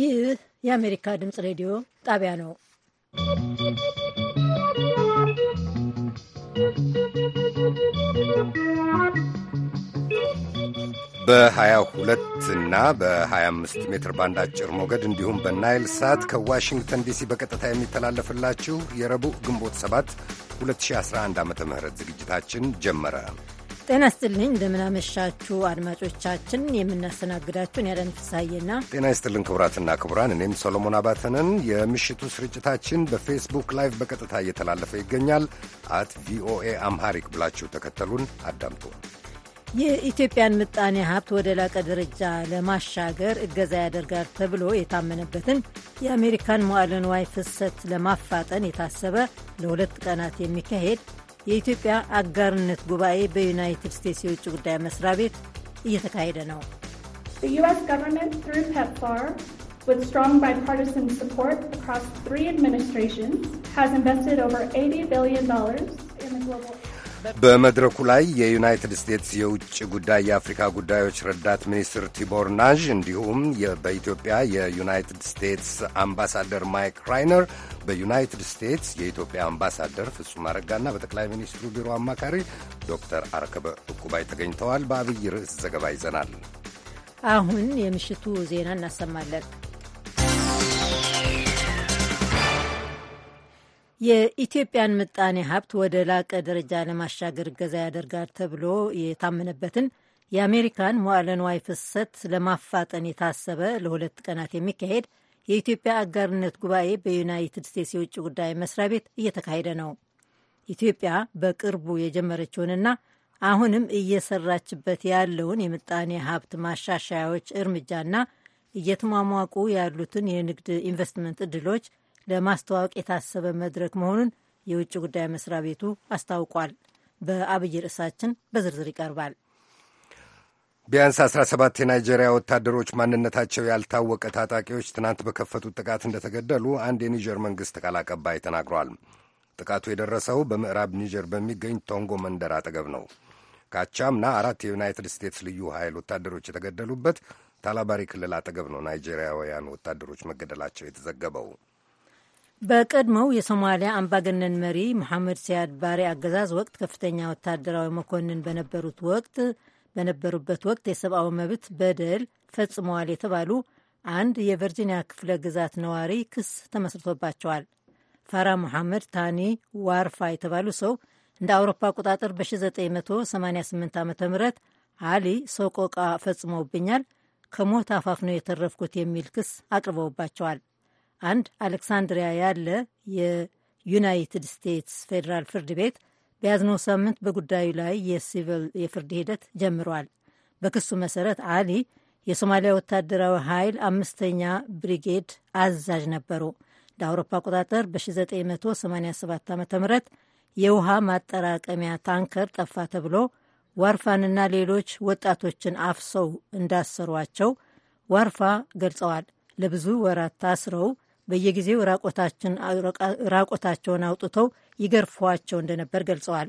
ይህ የአሜሪካ ድምፅ ሬዲዮ ጣቢያ ነው። በ22 እና በ25 ሜትር ባንድ አጭር ሞገድ እንዲሁም በናይል ሳት ከዋሽንግተን ዲሲ በቀጥታ የሚተላለፍላችሁ የረቡዕ ግንቦት 7 2011 ዓ ም ዝግጅታችን ጀመረ። ጤና ይስጥልኝ። እንደምናመሻችሁ አድማጮቻችን። የምናስተናግዳችሁን ያለን ፍሳዬና ጤና ይስጥልን ክቡራትና ክቡራን፣ እኔም ሰሎሞን አባተንን። የምሽቱ ስርጭታችን በፌስቡክ ላይቭ በቀጥታ እየተላለፈ ይገኛል። አት ቪኦኤ አምሃሪክ ብላችሁ ተከተሉን አዳምጡ። የኢትዮጵያን ምጣኔ ሀብት ወደ ላቀ ደረጃ ለማሻገር እገዛ ያደርጋል ተብሎ የታመነበትን የአሜሪካን መዋለ ንዋይ ፍሰት ለማፋጠን የታሰበ ለሁለት ቀናት የሚካሄድ የኢትዮጵያ አጋርነት ጉባኤ በዩናይትድ ስቴትስ የውጭ ጉዳይ መስሪያ ቤት እየተካሄደ ነው። በመድረኩ ላይ የዩናይትድ ስቴትስ የውጭ ጉዳይ የአፍሪካ ጉዳዮች ረዳት ሚኒስትር ቲቦር ናዥ እንዲሁም በኢትዮጵያ የዩናይትድ ስቴትስ አምባሳደር ማይክ ራይነር፣ በዩናይትድ ስቴትስ የኢትዮጵያ አምባሳደር ፍጹም አረጋና በጠቅላይ ሚኒስትሩ ቢሮ አማካሪ ዶክተር አርከበ እቁባይ ተገኝተዋል። በአብይ ርዕስ ዘገባ ይዘናል። አሁን የምሽቱ ዜና እናሰማለን። የኢትዮጵያን ምጣኔ ሀብት ወደ ላቀ ደረጃ ለማሻገር እገዛ ያደርጋል ተብሎ የታመነበትን የአሜሪካን መዋዕለ ንዋይ ፍሰት ለማፋጠን የታሰበ ለሁለት ቀናት የሚካሄድ የኢትዮጵያ አጋርነት ጉባኤ በዩናይትድ ስቴትስ የውጭ ጉዳይ መስሪያ ቤት እየተካሄደ ነው። ኢትዮጵያ በቅርቡ የጀመረችውንና አሁንም እየሰራችበት ያለውን የምጣኔ ሀብት ማሻሻያዎች እርምጃና እየተሟሟቁ ያሉትን የንግድ ኢንቨስትመንት እድሎች ለማስተዋወቅ የታሰበ መድረክ መሆኑን የውጭ ጉዳይ መስሪያ ቤቱ አስታውቋል። በአብይ ርዕሳችን በዝርዝር ይቀርባል። ቢያንስ 17 የናይጄሪያ ወታደሮች ማንነታቸው ያልታወቀ ታጣቂዎች ትናንት በከፈቱት ጥቃት እንደተገደሉ አንድ የኒጀር መንግሥት ቃል አቀባይ ተናግሯል። ጥቃቱ የደረሰው በምዕራብ ኒጀር በሚገኝ ቶንጎ መንደር አጠገብ ነው። ካቻምና አራት የዩናይትድ ስቴትስ ልዩ ኃይል ወታደሮች የተገደሉበት ታላባሪ ክልል አጠገብ ነው ናይጄሪያውያን ወታደሮች መገደላቸው የተዘገበው። በቀድሞው የሶማሊያ አምባገነን መሪ መሐመድ ሲያድ ባሬ አገዛዝ ወቅት ከፍተኛ ወታደራዊ መኮንን በነበሩት ወቅት በነበሩበት ወቅት የሰብአዊ መብት በደል ፈጽመዋል የተባሉ አንድ የቨርጂኒያ ክፍለ ግዛት ነዋሪ ክስ ተመስርቶባቸዋል። ፋራ መሐመድ ታኒ ዋርፋ የተባሉ ሰው እንደ አውሮፓ አቆጣጠር በ1988 ዓ ም አሊ ሰቆቃ ፈጽመውብኛል፣ ከሞት አፋፍ ነው የተረፍኩት የሚል ክስ አቅርበውባቸዋል። አንድ አሌክሳንድሪያ ያለ የዩናይትድ ስቴትስ ፌዴራል ፍርድ ቤት በያዝነው ሳምንት በጉዳዩ ላይ የሲቪል የፍርድ ሂደት ጀምሯል። በክሱ መሰረት አሊ የሶማሊያ ወታደራዊ ኃይል አምስተኛ ብሪጌድ አዛዥ ነበሩ። እንደ አውሮፓ አቆጣጠር በ1987 ዓ ም የውሃ ማጠራቀሚያ ታንከር ጠፋ ተብሎ ዋርፋንና ሌሎች ወጣቶችን አፍሰው እንዳሰሯቸው ዋርፋ ገልጸዋል። ለብዙ ወራት ታስረው በየጊዜው ራቆታቸውን አውጥተው ይገርፏቸው እንደነበር ገልጸዋል።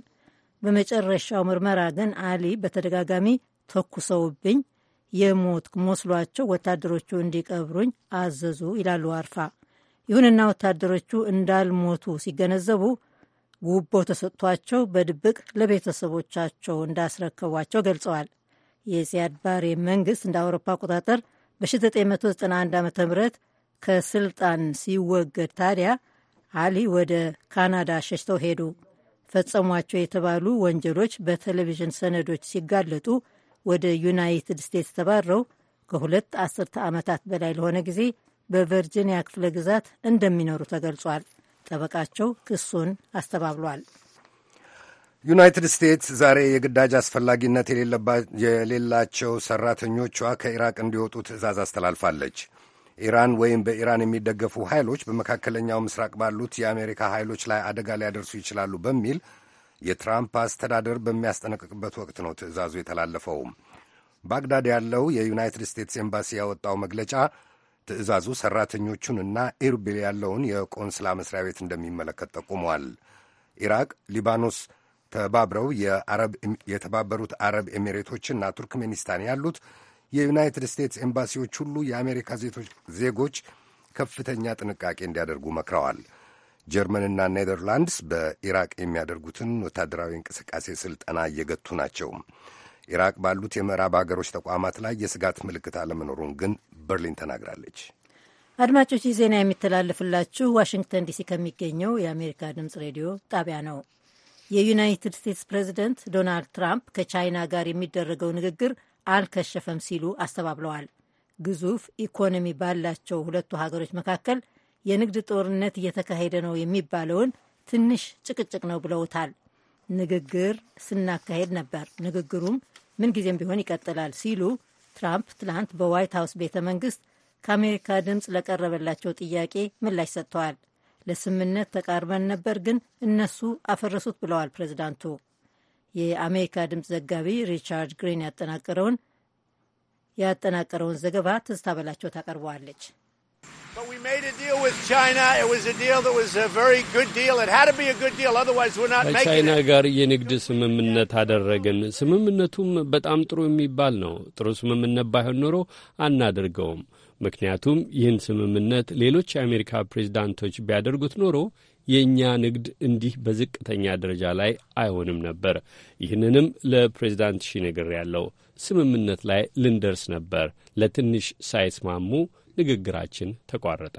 በመጨረሻው ምርመራ ግን አሊ በተደጋጋሚ ተኩሰውብኝ የሞት መስሏቸው ወታደሮቹ እንዲቀብሩኝ አዘዙ ይላሉ አርፋ። ይሁንና ወታደሮቹ እንዳልሞቱ ሲገነዘቡ ጉቦ ተሰጥቷቸው በድብቅ ለቤተሰቦቻቸው እንዳስረከቧቸው ገልጸዋል። የዚያድ ባሬ መንግስት እንደ አውሮፓ አቆጣጠር በ1991 ዓ ም ከስልጣን ሲወገድ ታዲያ አሊ ወደ ካናዳ ሸሽተው ሄዱ። ፈጸሟቸው የተባሉ ወንጀሎች በቴሌቪዥን ሰነዶች ሲጋለጡ ወደ ዩናይትድ ስቴትስ ተባረው ከሁለት አስርተ ዓመታት በላይ ለሆነ ጊዜ በቨርጂኒያ ክፍለ ግዛት እንደሚኖሩ ተገልጿል። ጠበቃቸው ክሱን አስተባብሏል። ዩናይትድ ስቴትስ ዛሬ የግዳጅ አስፈላጊነት የሌላቸው ሰራተኞቿ ከኢራቅ እንዲወጡ ትዕዛዝ አስተላልፋለች። ኢራን ወይም በኢራን የሚደገፉ ኃይሎች በመካከለኛው ምስራቅ ባሉት የአሜሪካ ኃይሎች ላይ አደጋ ሊያደርሱ ይችላሉ በሚል የትራምፕ አስተዳደር በሚያስጠነቅቅበት ወቅት ነው ትዕዛዙ የተላለፈው። ባግዳድ ያለው የዩናይትድ ስቴትስ ኤምባሲ ያወጣው መግለጫ ትዕዛዙ ሠራተኞቹንና ኢርቢል ያለውን የቆንስላ መስሪያ ቤት እንደሚመለከት ጠቁመዋል። ኢራቅ፣ ሊባኖስ ተባብረው የተባበሩት አረብ ኤሚሬቶችና ቱርክሜኒስታን ያሉት የዩናይትድ ስቴትስ ኤምባሲዎች ሁሉ የአሜሪካ ዜጎች ከፍተኛ ጥንቃቄ እንዲያደርጉ መክረዋል። ጀርመንና ኔዘርላንድስ በኢራቅ የሚያደርጉትን ወታደራዊ እንቅስቃሴ ስልጠና እየገቱ ናቸው። ኢራቅ ባሉት የምዕራብ አገሮች ተቋማት ላይ የስጋት ምልክት አለመኖሩን ግን በርሊን ተናግራለች። አድማጮች ይህ ዜና የሚተላለፍላችሁ ዋሽንግተን ዲሲ ከሚገኘው የአሜሪካ ድምፅ ሬዲዮ ጣቢያ ነው። የዩናይትድ ስቴትስ ፕሬዚደንት ዶናልድ ትራምፕ ከቻይና ጋር የሚደረገው ንግግር አልከሸፈም ሲሉ አስተባብለዋል። ግዙፍ ኢኮኖሚ ባላቸው ሁለቱ ሀገሮች መካከል የንግድ ጦርነት እየተካሄደ ነው የሚባለውን ትንሽ ጭቅጭቅ ነው ብለውታል። ንግግር ስናካሄድ ነበር፣ ንግግሩም ምንጊዜም ቢሆን ይቀጥላል ሲሉ ትራምፕ ትላንት በዋይት ሀውስ ቤተ መንግስት ከአሜሪካ ድምፅ ለቀረበላቸው ጥያቄ ምላሽ ሰጥተዋል። ለስምምነት ተቃርበን ነበር፣ ግን እነሱ አፈረሱት ብለዋል ፕሬዚዳንቱ። የአሜሪካ ድምፅ ዘጋቢ ሪቻርድ ግሪን ያጠናቀረውን ያጠናቀረውን ዘገባ ትዝታ በላቸው ታቀርበዋለች። ከቻይና ጋር የንግድ ስምምነት አደረግን። ስምምነቱም በጣም ጥሩ የሚባል ነው። ጥሩ ስምምነት ባይሆን ኖሮ አናደርገውም። ምክንያቱም ይህን ስምምነት ሌሎች የአሜሪካ ፕሬዚዳንቶች ቢያደርጉት ኖሮ የእኛ ንግድ እንዲህ በዝቅተኛ ደረጃ ላይ አይሆንም ነበር። ይህንንም ለፕሬዚዳንት ሺ ነገር ያለው ስምምነት ላይ ልንደርስ ነበር። ለትንሽ ሳይስማሙ ንግግራችን ተቋረጠ።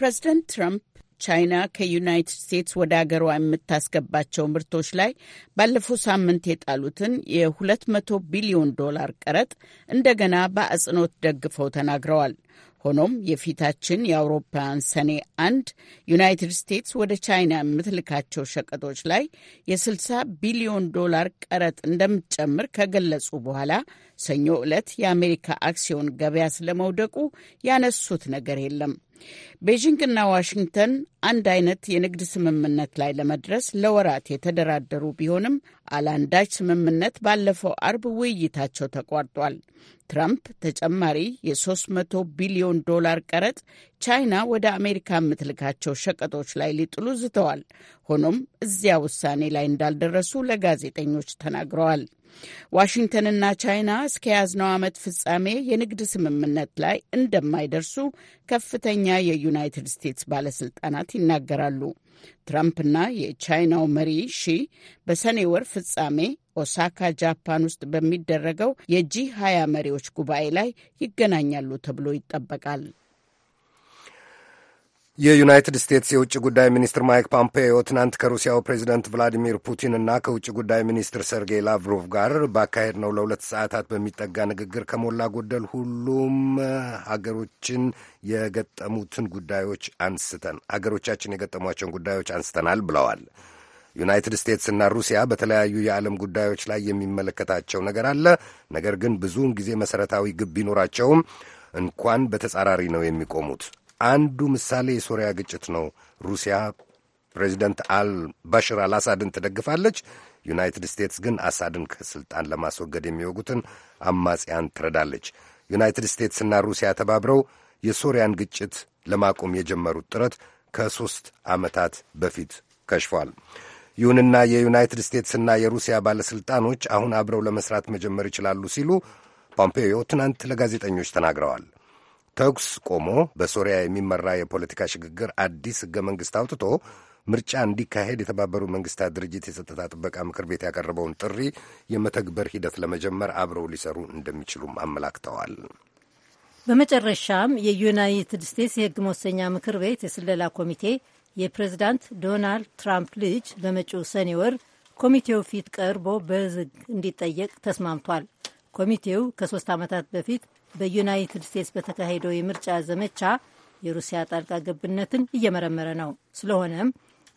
ፕሬዚደንት ትራምፕ ቻይና ከዩናይትድ ስቴትስ ወደ አገሯ የምታስገባቸው ምርቶች ላይ ባለፈው ሳምንት የጣሉትን የ200 ቢሊዮን ዶላር ቀረጥ እንደገና በአጽንኦት ደግፈው ተናግረዋል። ሆኖም የፊታችን የአውሮፓውያን ሰኔ አንድ ዩናይትድ ስቴትስ ወደ ቻይና የምትልካቸው ሸቀጦች ላይ የ60 ቢሊዮን ዶላር ቀረጥ እንደምትጨምር ከገለጹ በኋላ ሰኞ ዕለት የአሜሪካ አክሲዮን ገበያ ስለመውደቁ ያነሱት ነገር የለም። ቤጂንግና ዋሽንግተን አንድ አይነት የንግድ ስምምነት ላይ ለመድረስ ለወራት የተደራደሩ ቢሆንም አላንዳች ስምምነት ባለፈው አርብ ውይይታቸው ተቋርጧል። ትራምፕ ተጨማሪ የ300 ቢሊዮን ዶላር ቀረጥ ቻይና ወደ አሜሪካ የምትልካቸው ሸቀጦች ላይ ሊጥሉ ዝተዋል። ሆኖም እዚያ ውሳኔ ላይ እንዳልደረሱ ለጋዜጠኞች ተናግረዋል። ዋሽንግተንና ቻይና እስከ ያዝነው ዓመት ፍጻሜ የንግድ ስምምነት ላይ እንደማይደርሱ ከፍተኛ የዩ የዩናይትድ ስቴትስ ባለስልጣናት ይናገራሉ። ትራምፕና የቻይናው መሪ ሺ በሰኔ ወር ፍጻሜ ኦሳካ ጃፓን ውስጥ በሚደረገው የጂ 20 መሪዎች ጉባኤ ላይ ይገናኛሉ ተብሎ ይጠበቃል። የዩናይትድ ስቴትስ የውጭ ጉዳይ ሚኒስትር ማይክ ፖምፔዮ ትናንት ከሩሲያው ፕሬዚደንት ቭላዲሚር ፑቲን እና ከውጭ ጉዳይ ሚኒስትር ሰርጌይ ላቭሮቭ ጋር ባካሄድ ነው ለሁለት ሰዓታት በሚጠጋ ንግግር ከሞላ ጎደል ሁሉም ሀገሮችን የገጠሙትን ጉዳዮች አንስተን ሀገሮቻችን የገጠሟቸውን ጉዳዮች አንስተናል ብለዋል። ዩናይትድ ስቴትስ እና ሩሲያ በተለያዩ የዓለም ጉዳዮች ላይ የሚመለከታቸው ነገር አለ። ነገር ግን ብዙውን ጊዜ መሠረታዊ ግብ ቢኖራቸውም እንኳን በተጻራሪ ነው የሚቆሙት። አንዱ ምሳሌ የሶሪያ ግጭት ነው። ሩሲያ ፕሬዚደንት አል ባሽር አልአሳድን ትደግፋለች። ዩናይትድ ስቴትስ ግን አሳድን ከስልጣን ለማስወገድ የሚወጉትን አማጽያን ትረዳለች። ዩናይትድ ስቴትስና ሩሲያ ተባብረው የሶሪያን ግጭት ለማቆም የጀመሩት ጥረት ከሦስት ዓመታት በፊት ከሽፏል። ይሁንና የዩናይትድ ስቴትስና የሩሲያ ባለሥልጣኖች አሁን አብረው ለመሥራት መጀመር ይችላሉ ሲሉ ፖምፔዮ ትናንት ለጋዜጠኞች ተናግረዋል። ተኩስ ቆሞ በሶሪያ የሚመራ የፖለቲካ ሽግግር አዲስ ሕገ መንግሥት አውጥቶ ምርጫ እንዲካሄድ የተባበሩት መንግስታት ድርጅት የጸጥታ ጥበቃ ምክር ቤት ያቀረበውን ጥሪ የመተግበር ሂደት ለመጀመር አብረው ሊሰሩ እንደሚችሉም አመላክተዋል። በመጨረሻም የዩናይትድ ስቴትስ የሕግ መወሰኛ ምክር ቤት የስለላ ኮሚቴ የፕሬዚዳንት ዶናልድ ትራምፕ ልጅ በመጪው ሰኔ ወር ኮሚቴው ፊት ቀርቦ በዝግ እንዲጠየቅ ተስማምቷል። ኮሚቴው ከሶስት ዓመታት በፊት በዩናይትድ ስቴትስ በተካሄደው የምርጫ ዘመቻ የሩሲያ ጣልቃ ገብነትን እየመረመረ ነው። ስለሆነም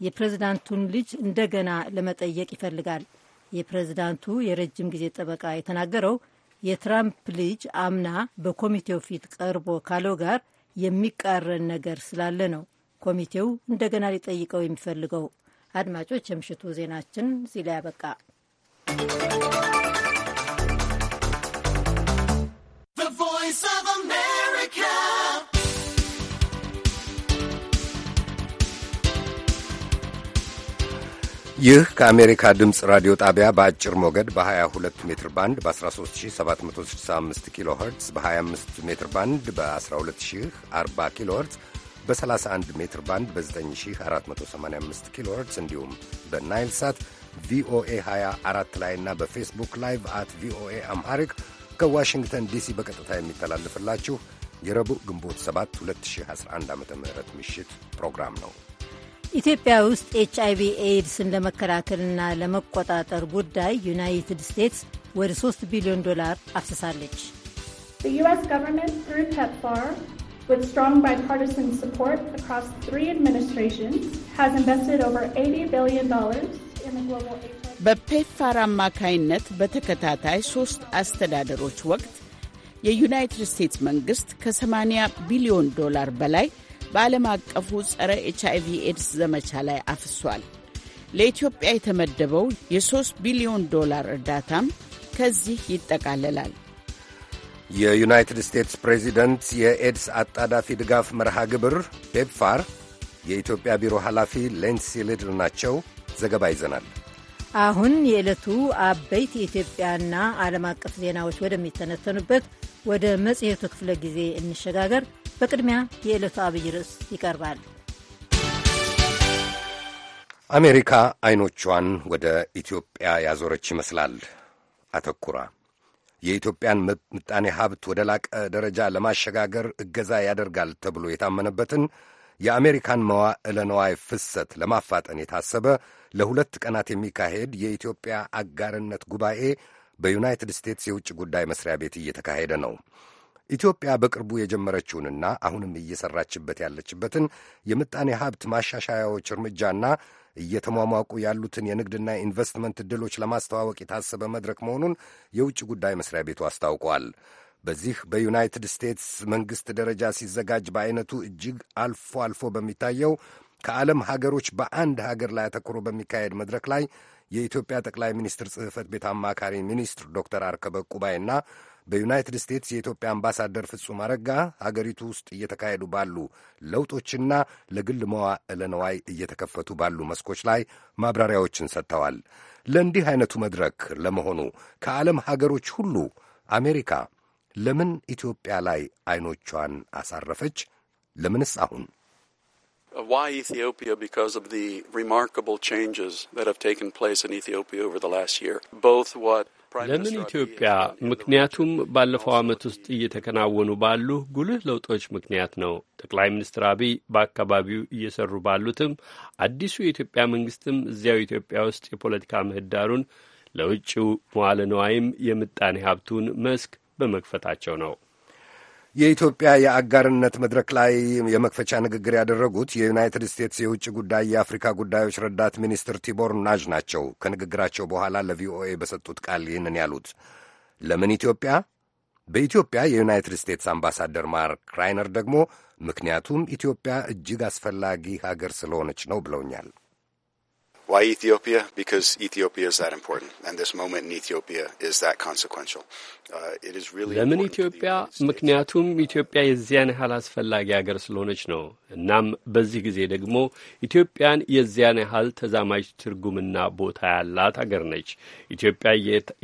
የፕሬዝዳንቱን ልጅ እንደገና ለመጠየቅ ይፈልጋል። የፕሬዝዳንቱ የረጅም ጊዜ ጠበቃ የተናገረው የትራምፕ ልጅ አምና በኮሚቴው ፊት ቀርቦ ካለው ጋር የሚቃረን ነገር ስላለ ነው ኮሚቴው እንደገና ሊጠይቀው የሚፈልገው። አድማጮች፣ የምሽቱ ዜናችን እዚህ ላይ ያበቃ። ይህ ከአሜሪካ ድምፅ ራዲዮ ጣቢያ በአጭር ሞገድ በ22 ሜትር ባንድ በ13765 ኪሎ ኸርትዝ በ25 ሜትር ባንድ በ1240 ኪሎ ኸርትዝ በ31 ሜትር ባንድ በ9485 ኪሎ ኸርትዝ እንዲሁም በናይል ሳት ቪኦኤ 24 ላይ እና በፌስቡክ ላይቭ አት ቪኦኤ አምሃሪክ ከዋሽንግተን ዲሲ በቀጥታ የሚተላለፍላችሁ የረቡዕ ግንቦት 7 2011 ዓ ም ምሽት ፕሮግራም ነው። ኢትዮጵያ ውስጥ ኤች አይቪ ኤድስን ለመከላከልና ለመቆጣጠር ጉዳይ ዩናይትድ ስቴትስ ወደ 3 ቢሊዮን ዶላር አፍስሳለች። በፔፕፋር አማካይነት በተከታታይ ሦስት አስተዳደሮች ወቅት የዩናይትድ ስቴትስ መንግሥት ከ80 ቢሊዮን ዶላር በላይ በዓለም አቀፉ ጸረ ኤች ቪ ኤድስ ዘመቻ ላይ አፍሷል። ለኢትዮጵያ የተመደበው የ3 ቢሊዮን ዶላር እርዳታም ከዚህ ይጠቃለላል። የዩናይትድ ስቴትስ ፕሬዚደንት የኤድስ አጣዳፊ ድጋፍ መርሃ ግብር ፔፕፋር የኢትዮጵያ ቢሮ ኃላፊ ሌንሲ ሊድል ናቸው። ዘገባ ይዘናል። አሁን የዕለቱ አበይት የኢትዮጵያና ዓለም አቀፍ ዜናዎች ወደሚተነተኑበት ወደ መጽሔቱ ክፍለ ጊዜ እንሸጋገር። በቅድሚያ የዕለቱ አብይ ርዕስ ይቀርባል። አሜሪካ አይኖቿን ወደ ኢትዮጵያ ያዞረች ይመስላል። አተኩራ የኢትዮጵያን ምጣኔ ሀብት ወደ ላቀ ደረጃ ለማሸጋገር እገዛ ያደርጋል ተብሎ የታመነበትን የአሜሪካን መዋዕለ ነዋይ ፍሰት ለማፋጠን የታሰበ ለሁለት ቀናት የሚካሄድ የኢትዮጵያ አጋርነት ጉባኤ በዩናይትድ ስቴትስ የውጭ ጉዳይ መስሪያ ቤት እየተካሄደ ነው። ኢትዮጵያ በቅርቡ የጀመረችውንና አሁንም እየሰራችበት ያለችበትን የምጣኔ ሀብት ማሻሻያዎች እርምጃና እየተሟሟቁ ያሉትን የንግድና ኢንቨስትመንት ዕድሎች ለማስተዋወቅ የታሰበ መድረክ መሆኑን የውጭ ጉዳይ መስሪያ ቤቱ አስታውቋል። በዚህ በዩናይትድ ስቴትስ መንግሥት ደረጃ ሲዘጋጅ በአይነቱ እጅግ አልፎ አልፎ በሚታየው ከዓለም ሀገሮች በአንድ ሀገር ላይ አተኩሮ በሚካሄድ መድረክ ላይ የኢትዮጵያ ጠቅላይ ሚኒስትር ጽሕፈት ቤት አማካሪ ሚኒስትር ዶክተር አርከበ ቁባይና በዩናይትድ ስቴትስ የኢትዮጵያ አምባሳደር ፍጹም አረጋ ሀገሪቱ ውስጥ እየተካሄዱ ባሉ ለውጦችና ለግል መዋዕለ ነዋይ እየተከፈቱ ባሉ መስኮች ላይ ማብራሪያዎችን ሰጥተዋል። ለእንዲህ አይነቱ መድረክ ለመሆኑ ከዓለም ሀገሮች ሁሉ አሜሪካ ለምን ኢትዮጵያ ላይ አይኖቿን አሳረፈች? ለምንስ አሁን? ለምን ኢትዮጵያ? ምክንያቱም ባለፈው ዓመት ውስጥ እየተከናወኑ ባሉ ጉልህ ለውጦች ምክንያት ነው። ጠቅላይ ሚኒስትር አብይ በአካባቢው እየሰሩ ባሉትም አዲሱ የኢትዮጵያ መንግስትም እዚያው ኢትዮጵያ ውስጥ የፖለቲካ ምህዳሩን ለውጭው መዋለ ነዋይም የምጣኔ ሀብቱን መስክ በመክፈታቸው ነው። የኢትዮጵያ የአጋርነት መድረክ ላይ የመክፈቻ ንግግር ያደረጉት የዩናይትድ ስቴትስ የውጭ ጉዳይ የአፍሪካ ጉዳዮች ረዳት ሚኒስትር ቲቦር ናዥ ናቸው። ከንግግራቸው በኋላ ለቪኦኤ በሰጡት ቃል ይህንን ያሉት ለምን ኢትዮጵያ? በኢትዮጵያ የዩናይትድ ስቴትስ አምባሳደር ማርክ ራይነር ደግሞ ምክንያቱም ኢትዮጵያ እጅግ አስፈላጊ ሀገር ስለሆነች ነው ብለውኛል። Why Ethiopia? Because Ethiopia is that important, and this moment in Ethiopia is that consequential. Uh, it is really ለምን ኢትዮጵያ? ምክንያቱም ኢትዮጵያ የዚያን ያህል አስፈላጊ ሀገር ስለሆነች ነው። እናም በዚህ ጊዜ ደግሞ ኢትዮጵያን የዚያን ያህል ተዛማጅ ትርጉምና ቦታ ያላት ሀገር ነች። ኢትዮጵያ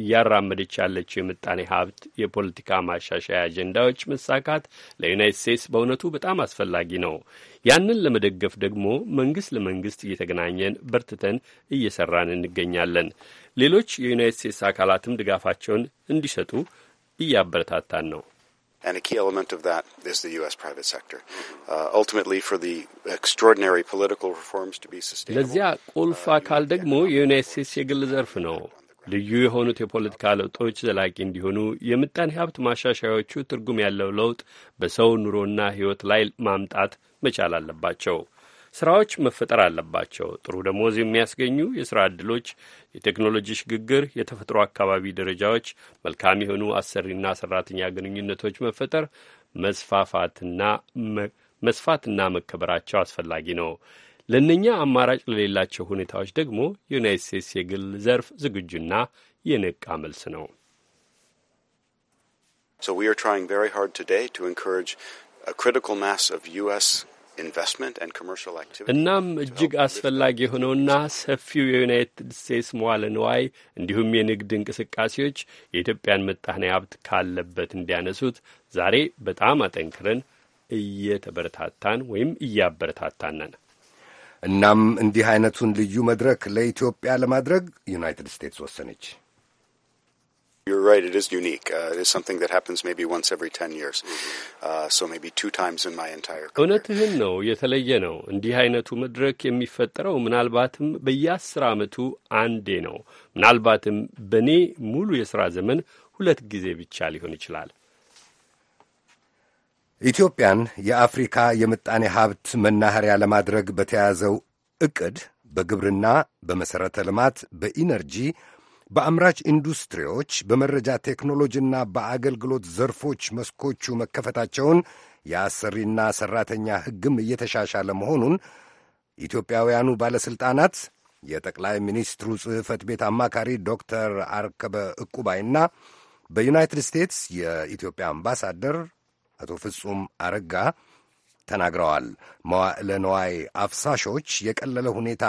እያራመደች ያለችው የምጣኔ ሀብት፣ የፖለቲካ ማሻሻያ አጀንዳዎች መሳካት ለዩናይት ስቴትስ በእውነቱ በጣም አስፈላጊ ነው። ያንን ለመደገፍ ደግሞ መንግስት ለመንግስት እየተገናኘን በርትተን እየሰራን እንገኛለን። ሌሎች የዩናይት ስቴትስ አካላትም ድጋፋቸውን እንዲሰጡ እያበረታታን ነው። And a key element of that is the U.S. private sector. Uh, ultimately, for the extraordinary political reforms to be sustainable. ልዩ የሆኑት የፖለቲካ ለውጦች ዘላቂ እንዲሆኑ የምጣኔ ሀብት ማሻሻያዎቹ ትርጉም ያለው ለውጥ በሰው ኑሮና ሕይወት ላይ ማምጣት መቻል አለባቸው። ስራዎች መፈጠር አለባቸው። ጥሩ ደሞዝ የሚያስገኙ የስራ ዕድሎች፣ የቴክኖሎጂ ሽግግር፣ የተፈጥሮ አካባቢ ደረጃዎች፣ መልካም የሆኑ አሰሪና ሰራተኛ ግንኙነቶች መፈጠር መስፋፋትና መስፋትና መከበራቸው አስፈላጊ ነው። ለእነኛ አማራጭ ለሌላቸው ሁኔታዎች ደግሞ የዩናይት ስቴትስ የግል ዘርፍ ዝግጁና የነቃ መልስ ነው። እናም እጅግ አስፈላጊ የሆነውና ሰፊው የዩናይትድ ስቴትስ መዋለ ንዋይ እንዲሁም የንግድ እንቅስቃሴዎች የኢትዮጵያን ምጣኔ ሀብት ካለበት እንዲያነሱት ዛሬ በጣም አጠንክረን እየተበረታታን ወይም እያበረታታን ነን። እናም እንዲህ አይነቱን ልዩ መድረክ ለኢትዮጵያ ለማድረግ ዩናይትድ ስቴትስ ወሰነች። You're right. It is unique. Uh, it is something that happens maybe once every years, uh, so maybe two times in my entire career. እውነትህን ነው። የተለየ ነው። እንዲህ አይነቱ መድረክ የሚፈጠረው ምናልባትም በየአስር ዓመቱ አንዴ ነው። ምናልባትም በእኔ ሙሉ የሥራ ዘመን ሁለት ጊዜ ብቻ ሊሆን ይችላል። ኢትዮጵያን የአፍሪካ የምጣኔ ሀብት መናኸሪያ ለማድረግ በተያዘው እቅድ በግብርና፣ በመሠረተ ልማት፣ በኢነርጂ፣ በአምራች ኢንዱስትሪዎች፣ በመረጃ ቴክኖሎጂና በአገልግሎት ዘርፎች መስኮቹ መከፈታቸውን የአሰሪና ሠራተኛ ሕግም እየተሻሻለ መሆኑን ኢትዮጵያውያኑ ባለሥልጣናት የጠቅላይ ሚኒስትሩ ጽሕፈት ቤት አማካሪ ዶክተር አርከበ ዕቁባይና በዩናይትድ ስቴትስ የኢትዮጵያ አምባሳደር አቶ ፍጹም አረጋ ተናግረዋል። መዋዕለ ነዋይ አፍሳሾች የቀለለ ሁኔታ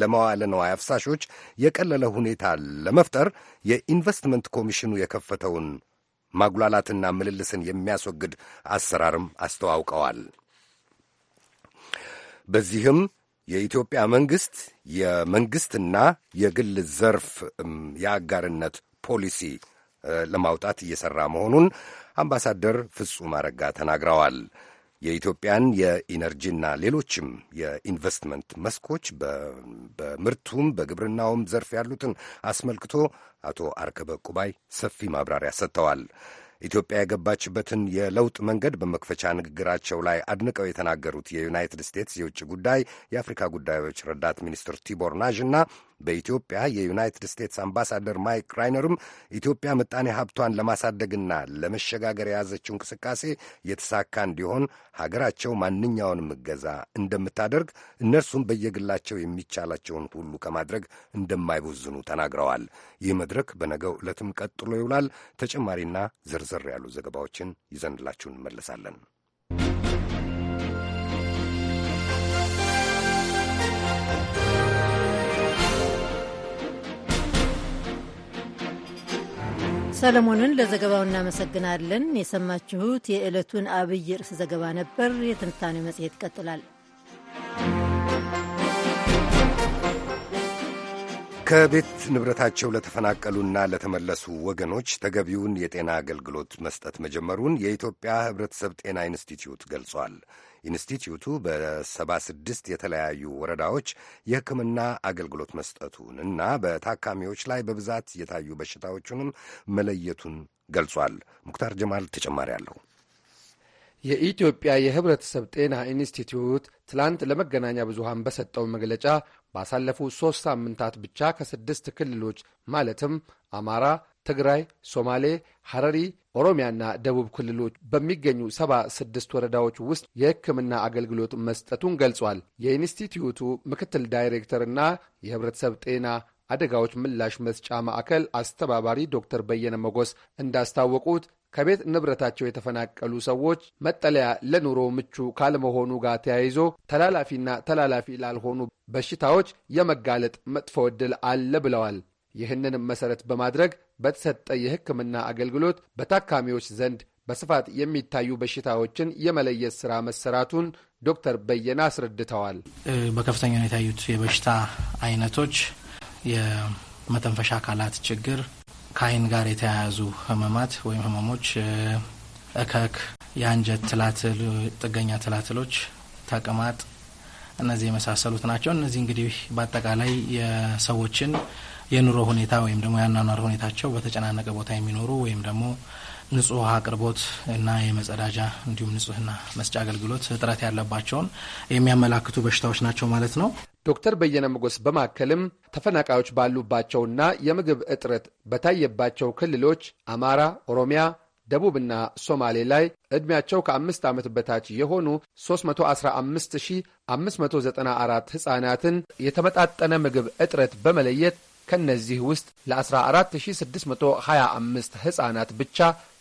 ለመዋዕለ ነዋይ አፍሳሾች የቀለለ ሁኔታ ለመፍጠር የኢንቨስትመንት ኮሚሽኑ የከፈተውን ማጉላላትና ምልልስን የሚያስወግድ አሰራርም አስተዋውቀዋል። በዚህም የኢትዮጵያ መንግሥት የመንግሥትና የግል ዘርፍ የአጋርነት ፖሊሲ ለማውጣት እየሠራ መሆኑን አምባሳደር ፍጹም አረጋ ተናግረዋል። የኢትዮጵያን የኢነርጂና ሌሎችም የኢንቨስትመንት መስኮች በምርቱም በግብርናውም ዘርፍ ያሉትን አስመልክቶ አቶ አርከበ ቁባይ ሰፊ ማብራሪያ ሰጥተዋል። ኢትዮጵያ የገባችበትን የለውጥ መንገድ በመክፈቻ ንግግራቸው ላይ አድንቀው የተናገሩት የዩናይትድ ስቴትስ የውጭ ጉዳይ የአፍሪካ ጉዳዮች ረዳት ሚኒስትር ቲቦር ናዥ እና በኢትዮጵያ የዩናይትድ ስቴትስ አምባሳደር ማይክ ራይነርም ኢትዮጵያ ምጣኔ ሀብቷን ለማሳደግና ለመሸጋገር የያዘችው እንቅስቃሴ የተሳካ እንዲሆን ሀገራቸው ማንኛውንም እገዛ እንደምታደርግ እነርሱም በየግላቸው የሚቻላቸውን ሁሉ ከማድረግ እንደማይቦዝኑ ተናግረዋል። ይህ መድረክ በነገው ዕለትም ቀጥሎ ይውላል። ተጨማሪና ዝርዝር ያሉ ዘገባዎችን ይዘንላችሁ እንመለሳለን። ሰለሞንን ለዘገባው እናመሰግናለን። የሰማችሁት የዕለቱን አብይ ርዕስ ዘገባ ነበር። የትንታኔ መጽሔት ይቀጥላል። ከቤት ንብረታቸው ለተፈናቀሉና ለተመለሱ ወገኖች ተገቢውን የጤና አገልግሎት መስጠት መጀመሩን የኢትዮጵያ ሕብረተሰብ ጤና ኢንስቲትዩት ገልጿል። ኢንስቲትዩቱ በ76 የተለያዩ ወረዳዎች የሕክምና አገልግሎት መስጠቱን እና በታካሚዎች ላይ በብዛት የታዩ በሽታዎቹንም መለየቱን ገልጿል። ሙክታር ጀማል ተጨማሪ አለው። የኢትዮጵያ የህብረተሰብ ጤና ኢንስቲትዩት ትላንት ለመገናኛ ብዙሃን በሰጠው መግለጫ ባሳለፉ ሦስት ሳምንታት ብቻ ከስድስት ክልሎች ማለትም አማራ፣ ትግራይ፣ ሶማሌ፣ ሐረሪ፣ ኦሮሚያና ደቡብ ክልሎች በሚገኙ ሰባ ስድስት ወረዳዎች ውስጥ የሕክምና አገልግሎት መስጠቱን ገልጿል። የኢንስቲትዩቱ ምክትል ዳይሬክተርና የህብረተሰብ ጤና አደጋዎች ምላሽ መስጫ ማዕከል አስተባባሪ ዶክተር በየነ መጎስ እንዳስታወቁት ከቤት ንብረታቸው የተፈናቀሉ ሰዎች መጠለያ ለኑሮ ምቹ ካለመሆኑ ጋር ተያይዞ ተላላፊና ተላላፊ ላልሆኑ በሽታዎች የመጋለጥ መጥፎ ዕድል አለ ብለዋል። ይህንንም መሰረት በማድረግ በተሰጠ የሕክምና አገልግሎት በታካሚዎች ዘንድ በስፋት የሚታዩ በሽታዎችን የመለየት ስራ መሰራቱን ዶክተር በየነ አስረድተዋል። በከፍተኛ ሁኔታ የታዩት የበሽታ አይነቶች የመተንፈሻ አካላት ችግር፣ ከአይን ጋር የተያያዙ ህመማት ወይም ህመሞች፣ እከክ፣ የአንጀት ትላትል፣ ጥገኛ ትላትሎች፣ ተቅማጥ፣ እነዚህ የመሳሰሉት ናቸው። እነዚህ እንግዲህ በአጠቃላይ የሰዎችን የኑሮ ሁኔታ ወይም ደግሞ ያኗኗር ሁኔታቸው በተጨናነቀ ቦታ የሚኖሩ ወይም ደግሞ ንጹህ ውሃ አቅርቦት እና የመጸዳጃ እንዲሁም ንጹህና መስጫ አገልግሎት እጥረት ያለባቸውን የሚያመላክቱ በሽታዎች ናቸው ማለት ነው። ዶክተር በየነ መጎስ በማከልም ተፈናቃዮች ባሉባቸውና የምግብ እጥረት በታየባቸው ክልሎች አማራ፣ ኦሮሚያ፣ ደቡብና ሶማሌ ላይ ዕድሜያቸው ከአምስት ዓመት በታች የሆኑ 315594 ሕፃናትን የተመጣጠነ ምግብ እጥረት በመለየት ከነዚህ ውስጥ ለ14625 ሕፃናት ብቻ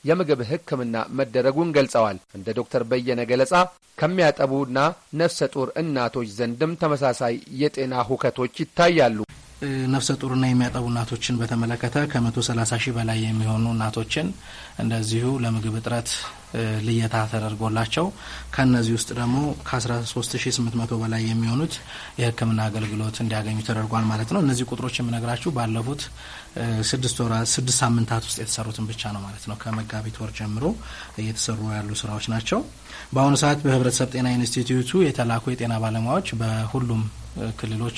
የምግብ ሕክምና መደረጉን ገልጸዋል። እንደ ዶክተር በየነ ገለጻ ከሚያጠቡና ነፍሰ ጡር እናቶች ዘንድም ተመሳሳይ የጤና ሁከቶች ይታያሉ። ነፍሰ ጡርና የሚያጠቡ እናቶችን በተመለከተ ከመቶ ሰላሳ ሺህ በላይ የሚሆኑ እናቶችን እንደዚሁ ለምግብ እጥረት ልየታ ተደርጎላቸው ከእነዚህ ውስጥ ደግሞ ከ13800 በላይ የሚሆኑት የሕክምና አገልግሎት እንዲያገኙ ተደርጓል ማለት ነው። እነዚህ ቁጥሮች የምነግራችሁ ባለፉት ስድስት ወራት ስድስት ሳምንታት ውስጥ የተሰሩትን ብቻ ነው ማለት ነው። ከመጋቢት ወር ጀምሮ እየተሰሩ ያሉ ስራዎች ናቸው። በአሁኑ ሰዓት በህብረተሰብ ጤና ኢንስቲትዩቱ የተላኩ የጤና ባለሙያዎች በሁሉም ክልሎች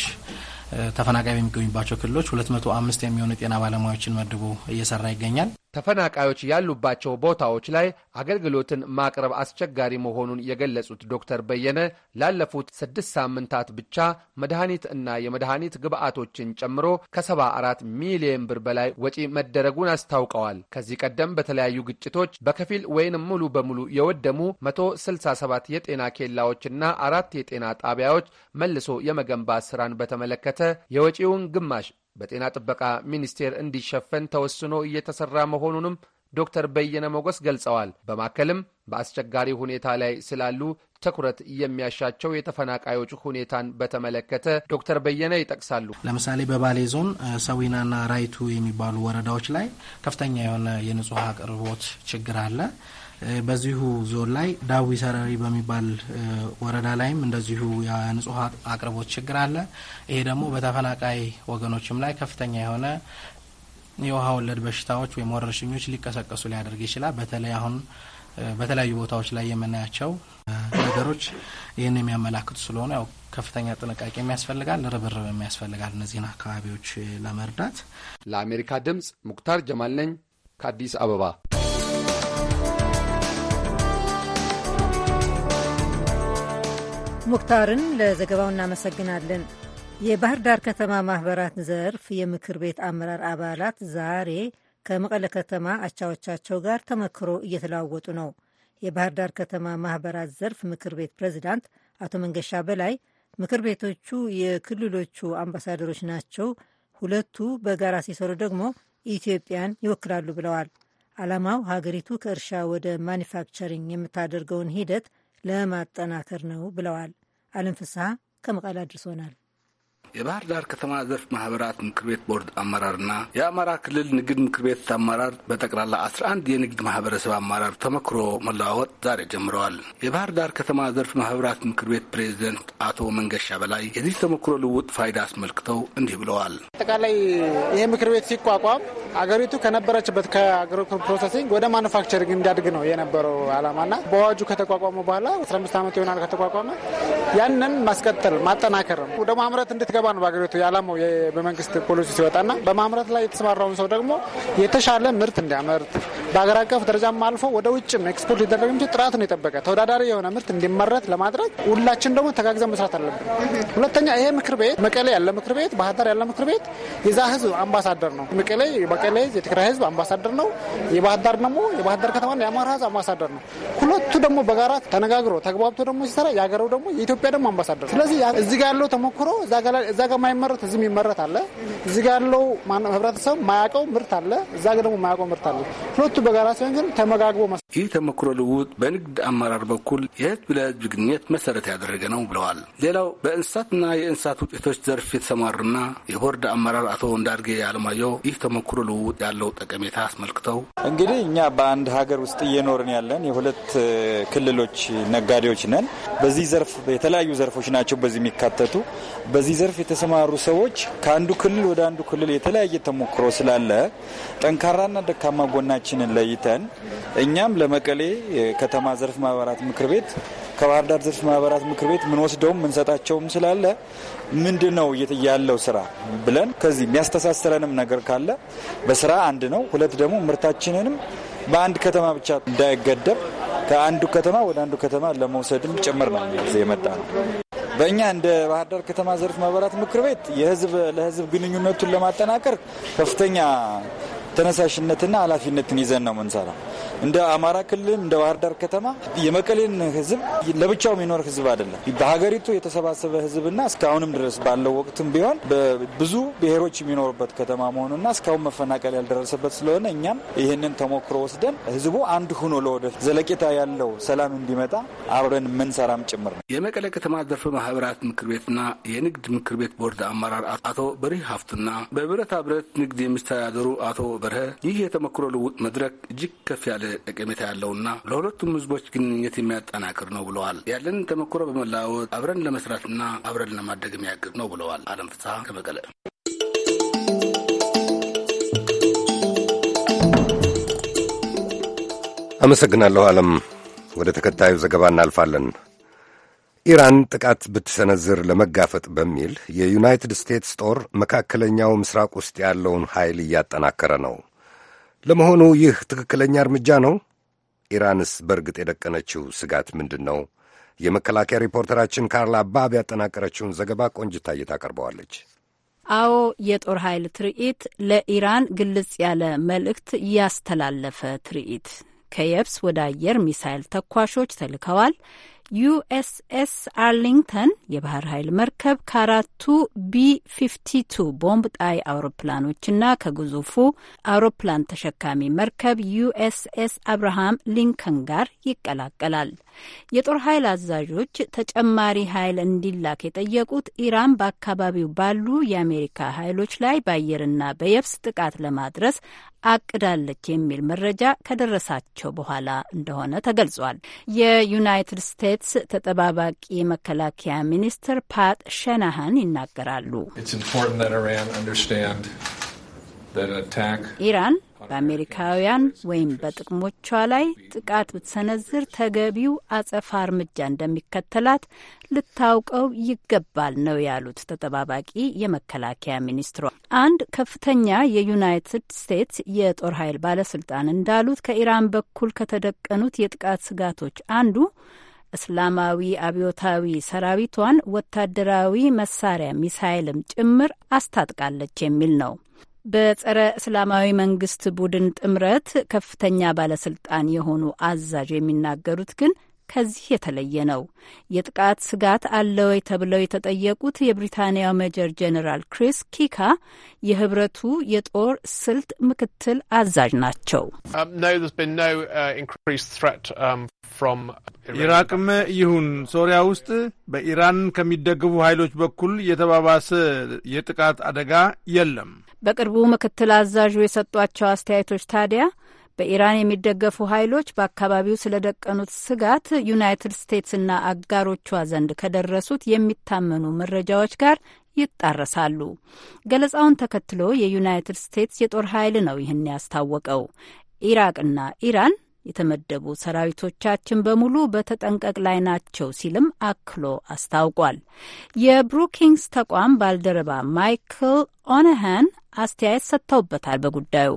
ተፈናቃይ በሚገኙባቸው ክልሎች ሁለት መቶ አምስት የሚሆኑ የጤና ባለሙያዎችን መድቦ እየሰራ ይገኛል። ተፈናቃዮች ያሉባቸው ቦታዎች ላይ አገልግሎትን ማቅረብ አስቸጋሪ መሆኑን የገለጹት ዶክተር በየነ ላለፉት ስድስት ሳምንታት ብቻ መድኃኒት እና የመድኃኒት ግብዓቶችን ጨምሮ ከ74 ሚሊዮን ብር በላይ ወጪ መደረጉን አስታውቀዋል። ከዚህ ቀደም በተለያዩ ግጭቶች በከፊል ወይንም ሙሉ በሙሉ የወደሙ 167 የጤና ኬላዎችና አራት የጤና ጣቢያዎች መልሶ የመገንባት ስራን በተመለከተ የወጪውን ግማሽ በጤና ጥበቃ ሚኒስቴር እንዲሸፈን ተወስኖ እየተሰራ መሆኑንም ዶክተር በየነ ሞገስ ገልጸዋል። በማከልም በአስቸጋሪ ሁኔታ ላይ ስላሉ ትኩረት የሚያሻቸው የተፈናቃዮች ሁኔታን በተመለከተ ዶክተር በየነ ይጠቅሳሉ። ለምሳሌ በባሌ ዞን ሰዊናና ራይቱ የሚባሉ ወረዳዎች ላይ ከፍተኛ የሆነ የንጹህ አቅርቦት ችግር አለ። በዚሁ ዞን ላይ ዳዊ ሰረሪ በሚባል ወረዳ ላይም እንደዚሁ የንጹህ አቅርቦት ችግር አለ። ይሄ ደግሞ በተፈናቃይ ወገኖችም ላይ ከፍተኛ የሆነ የውሃ ወለድ በሽታዎች ወይም ወረርሽኞች ሊቀሰቀሱ ሊያደርግ ይችላል። በተለይ አሁን በተለያዩ ቦታዎች ላይ የምናያቸው ነገሮች ይህን የሚያመላክቱ ስለሆነ ያው ከፍተኛ ጥንቃቄ የሚያስፈልጋል፣ ርብርብ የሚያስፈልጋል እነዚህን አካባቢዎች ለመርዳት። ለአሜሪካ ድምጽ ሙክታር ጀማል ነኝ ከአዲስ አበባ። ሙክታርን ለዘገባው እናመሰግናለን። የባህር ዳር ከተማ ማኅበራት ዘርፍ የምክር ቤት አመራር አባላት ዛሬ ከመቀለ ከተማ አቻዎቻቸው ጋር ተመክሮ እየተለዋወጡ ነው። የባህር ዳር ከተማ ማኅበራት ዘርፍ ምክር ቤት ፕሬዚዳንት አቶ መንገሻ በላይ ምክር ቤቶቹ የክልሎቹ አምባሳደሮች ናቸው፣ ሁለቱ በጋራ ሲሰሩ ደግሞ ኢትዮጵያን ይወክላሉ ብለዋል። ዓላማው ሀገሪቱ ከእርሻ ወደ ማኒፋክቸሪንግ የምታደርገውን ሂደት ለማጠናከር ነው ብለዋል። አለም ፍስሐ ከመቀለ አድርሶናል። የባህር ዳር ከተማ ዘርፍ ማህበራት ምክር ቤት ቦርድ አመራርና የአማራ ክልል ንግድ ምክር ቤት አመራር በጠቅላላ 11 የንግድ ማህበረሰብ አመራር ተመክሮ መለዋወጥ ዛሬ ጀምረዋል። የባህር ዳር ከተማ ዘርፍ ማህበራት ምክር ቤት ፕሬዚደንት አቶ መንገሻ በላይ የዚህ ተሞክሮ ልውጥ ፋይዳ አስመልክተው እንዲህ ብለዋል። አጠቃላይ ይህ ምክር ቤት ሲቋቋም አገሪቱ ከነበረችበት ከአግሮክር ፕሮሰሲንግ ወደ ማኑፋክቸሪንግ እንዲያድግ ነው የነበረው ዓላማና በአዋጁ ከተቋቋመ በኋላ 15 ዓመት ይሆናል ከተቋቋመ ያንን ማስቀጠል ማጠናከርም ደግሞ አምረት እንድትገባ ነው በሀገሪቱ የዓላማው በመንግስት ፖሊሲ ሲወጣና በማምረት ላይ የተሰማራውን ሰው ደግሞ የተሻለ ምርት እንዲያመርት በሀገር አቀፍ ደረጃም አልፎ ወደ ውጭም ኤክስፖርት ሊደረግ እንጂ ጥራቱን የጠበቀ ተወዳዳሪ የሆነ ምርት እንዲመረት ለማድረግ ሁላችን ደግሞ ተጋግዘን መስራት አለብን። ሁለተኛ ይሄ ምክር ቤት መቀሌ ያለ ምክር ቤት፣ ባህር ዳር ያለ ምክር ቤት የዛ ህዝብ አምባሳደር ነው። መቀሌ መቀሌ የትግራይ ህዝብ አምባሳደር ነው። የባህር ዳር ደግሞ የባህር ዳር ከተማ የአማራ ህዝብ አምባሳደር ነው። ሁለቱ ደግሞ በጋራ ተነጋግሮ ተግባብቶ ደግሞ ሲሰራ የሀገረው ደግሞ የኢትዮጵያ ደግሞ አምባሳደር ነው። ስለዚህ እዚህ ጋር ያለው ተሞክሮ እዛ ጋር እዛ ጋር የማይመረት እዚህ የሚመረት አለ። እዚህ ጋር ያለው ህብረተሰብ ማያውቀው ምርት አለ፣ እዛ ጋር ደግሞ ማያውቀው ምርት አለ። ሁለቱ በጋራ ሲሆን ግን ተመጋግቦ መስ ይህ ተሞክሮ ልውውጥ በንግድ አመራር በኩል የህዝብ ለህዝብ ግንኙነት መሰረት ያደረገ ነው ብለዋል። ሌላው በእንስሳትና የእንስሳት ውጤቶች ዘርፍ የተሰማሩና የቦርድ አመራር አቶ እንዳድጌ አለማየሁ ይህ ተሞክሮ ልውውጥ ያለው ጠቀሜታ አስመልክተው እንግዲህ እኛ በአንድ ሀገር ውስጥ እየኖርን ያለን የሁለት ክልሎች ነጋዴዎች ነን። በዚህ ዘርፍ የተለያዩ ዘርፎች ናቸው በዚህ የሚካተቱ በዚህ ዘርፍ የተሰማሩ ሰዎች ከአንዱ ክልል ወደ አንዱ ክልል የተለያየ ተሞክሮ ስላለ ጠንካራና ደካማ ጎናችንን ለይተን እኛም ለመቀሌ ከተማ ዘርፍ ማህበራት ምክር ቤት ከባህር ዳር ዘርፍ ማህበራት ምክር ቤት ምንወስደውም ምንሰጣቸውም ስላለ ምንድን ነው ያለው ስራ ብለን ከዚህ የሚያስተሳስረንም ነገር ካለ በስራ አንድ ነው። ሁለት ደግሞ ምርታችንንም በአንድ ከተማ ብቻ እንዳይገደብ ከአንዱ ከተማ ወደ አንዱ ከተማ ለመውሰድም ጭምር ነው የመጣ ነው። በእኛ እንደ ባህር ዳር ከተማ ዘርፍ ማህበራት ምክር ቤት የህዝብ ለህዝብ ግንኙነቱን ለማጠናከር ከፍተኛ ተነሳሽነትና ኃላፊነትን ይዘን ነው ምንሰራ። እንደ አማራ ክልልም እንደ ባህር ዳር ከተማ የመቀሌን ህዝብ ለብቻው የሚኖር ህዝብ አይደለም። በሀገሪቱ የተሰባሰበ ህዝብና እስካሁንም ድረስ ባለው ወቅትም ቢሆን ብዙ ብሔሮች የሚኖሩበት ከተማ መሆኑና እስካሁን መፈናቀል ያልደረሰበት ስለሆነ እኛም ይህንን ተሞክሮ ወስደን ህዝቡ አንድ ሆኖ ለወደፊት ዘለቄታ ያለው ሰላም እንዲመጣ አብረን ምንሰራም ጭምር ነው። የመቀሌ ከተማ ዘርፈ ማህበራት ምክር ቤትና የንግድ ምክር ቤት ቦርድ አመራር አቶ በሪ ሀፍቱና በብረታ ብረት ንግድ የሚስተዳደሩ አቶ ነበረ። ይህ የተሞክሮ ልውጥ መድረክ እጅግ ከፍ ያለ ጠቀሜታ ያለውና ለሁለቱም ህዝቦች ግንኙነት የሚያጠናክር ነው ብለዋል። ያለን ተሞክሮ በመለዋወጥ አብረን ለመስራትና አብረን ለማደግ የሚያግብ ነው ብለዋል። አለም ፍስሀ ከመቀለ አመሰግናለሁ አለም። ወደ ተከታዩ ዘገባ እናልፋለን። ኢራን ጥቃት ብትሰነዝር ለመጋፈጥ በሚል የዩናይትድ ስቴትስ ጦር መካከለኛው ምስራቅ ውስጥ ያለውን ኃይል እያጠናከረ ነው። ለመሆኑ ይህ ትክክለኛ እርምጃ ነው? ኢራንስ በእርግጥ የደቀነችው ስጋት ምንድን ነው? የመከላከያ ሪፖርተራችን ካርላ አባብ ያጠናቀረችውን ዘገባ ቆንጅታ እየታቀርበዋለች። አዎ የጦር ኃይል ትርኢት ለኢራን ግልጽ ያለ መልእክት ያስተላለፈ ትርኢት ከየብስ ወደ አየር ሚሳይል ተኳሾች ተልከዋል። ዩኤስኤስ አርሊንግተን የባህር ኃይል መርከብ ከአራቱ ቢ ፊፍቲ ቱ ቦምብ ጣይ አውሮፕላኖችና ከግዙፉ አውሮፕላን ተሸካሚ መርከብ ዩኤስኤስ አብርሃም ሊንከን ጋር ይቀላቀላል። የጦር ኃይል አዛዦች ተጨማሪ ኃይል እንዲላክ የጠየቁት ኢራን በአካባቢው ባሉ የአሜሪካ ኃይሎች ላይ በአየርና በየብስ ጥቃት ለማድረስ አቅዳለች የሚል መረጃ ከደረሳቸው በኋላ እንደሆነ ተገልጿል። የዩናይትድ ስቴትስ ተጠባባቂ መከላከያ ሚኒስትር ፓት ሸናሃን ይናገራሉ። ኢራን በአሜሪካውያን ወይም በጥቅሞቿ ላይ ጥቃት ብትሰነዝር ተገቢው አጸፋ እርምጃ እንደሚከተላት ልታውቀው ይገባል ነው ያሉት ተጠባባቂ የመከላከያ ሚኒስትሯ። አንድ ከፍተኛ የዩናይትድ ስቴትስ የጦር ኃይል ባለስልጣን እንዳሉት ከኢራን በኩል ከተደቀኑት የጥቃት ስጋቶች አንዱ እስላማዊ አብዮታዊ ሰራዊቷን ወታደራዊ መሳሪያ ሚሳይልም ጭምር አስታጥቃለች የሚል ነው። በጸረ እስላማዊ መንግስት ቡድን ጥምረት ከፍተኛ ባለስልጣን የሆኑ አዛዥ የሚናገሩት ግን ከዚህ የተለየ ነው። የጥቃት ስጋት አለ ወይ ተብለው የተጠየቁት የብሪታንያው ሜጀር ጄኔራል ክሪስ ኪካ የህብረቱ የጦር ስልት ምክትል አዛዥ ናቸው። um, uh, um, ኢራቅም ይሁን ሶሪያ ውስጥ በኢራን ከሚደግፉ ኃይሎች በኩል የተባባሰ የጥቃት አደጋ የለም። በቅርቡ ምክትል አዛዡ የሰጧቸው አስተያየቶች ታዲያ በኢራን የሚደገፉ ኃይሎች በአካባቢው ስለደቀኑት ስጋት ዩናይትድ ስቴትስና አጋሮቿ ዘንድ ከደረሱት የሚታመኑ መረጃዎች ጋር ይጣረሳሉ። ገለጻውን ተከትሎ የዩናይትድ ስቴትስ የጦር ኃይል ነው ይህን ያስታወቀው። ኢራቅና ኢራን የተመደቡ ሰራዊቶቻችን በሙሉ በተጠንቀቅ ላይ ናቸው ሲልም አክሎ አስታውቋል። የብሩኪንግስ ተቋም ባልደረባ ማይክል ኦነሃን አስተያየት ሰጥተውበታል በጉዳዩ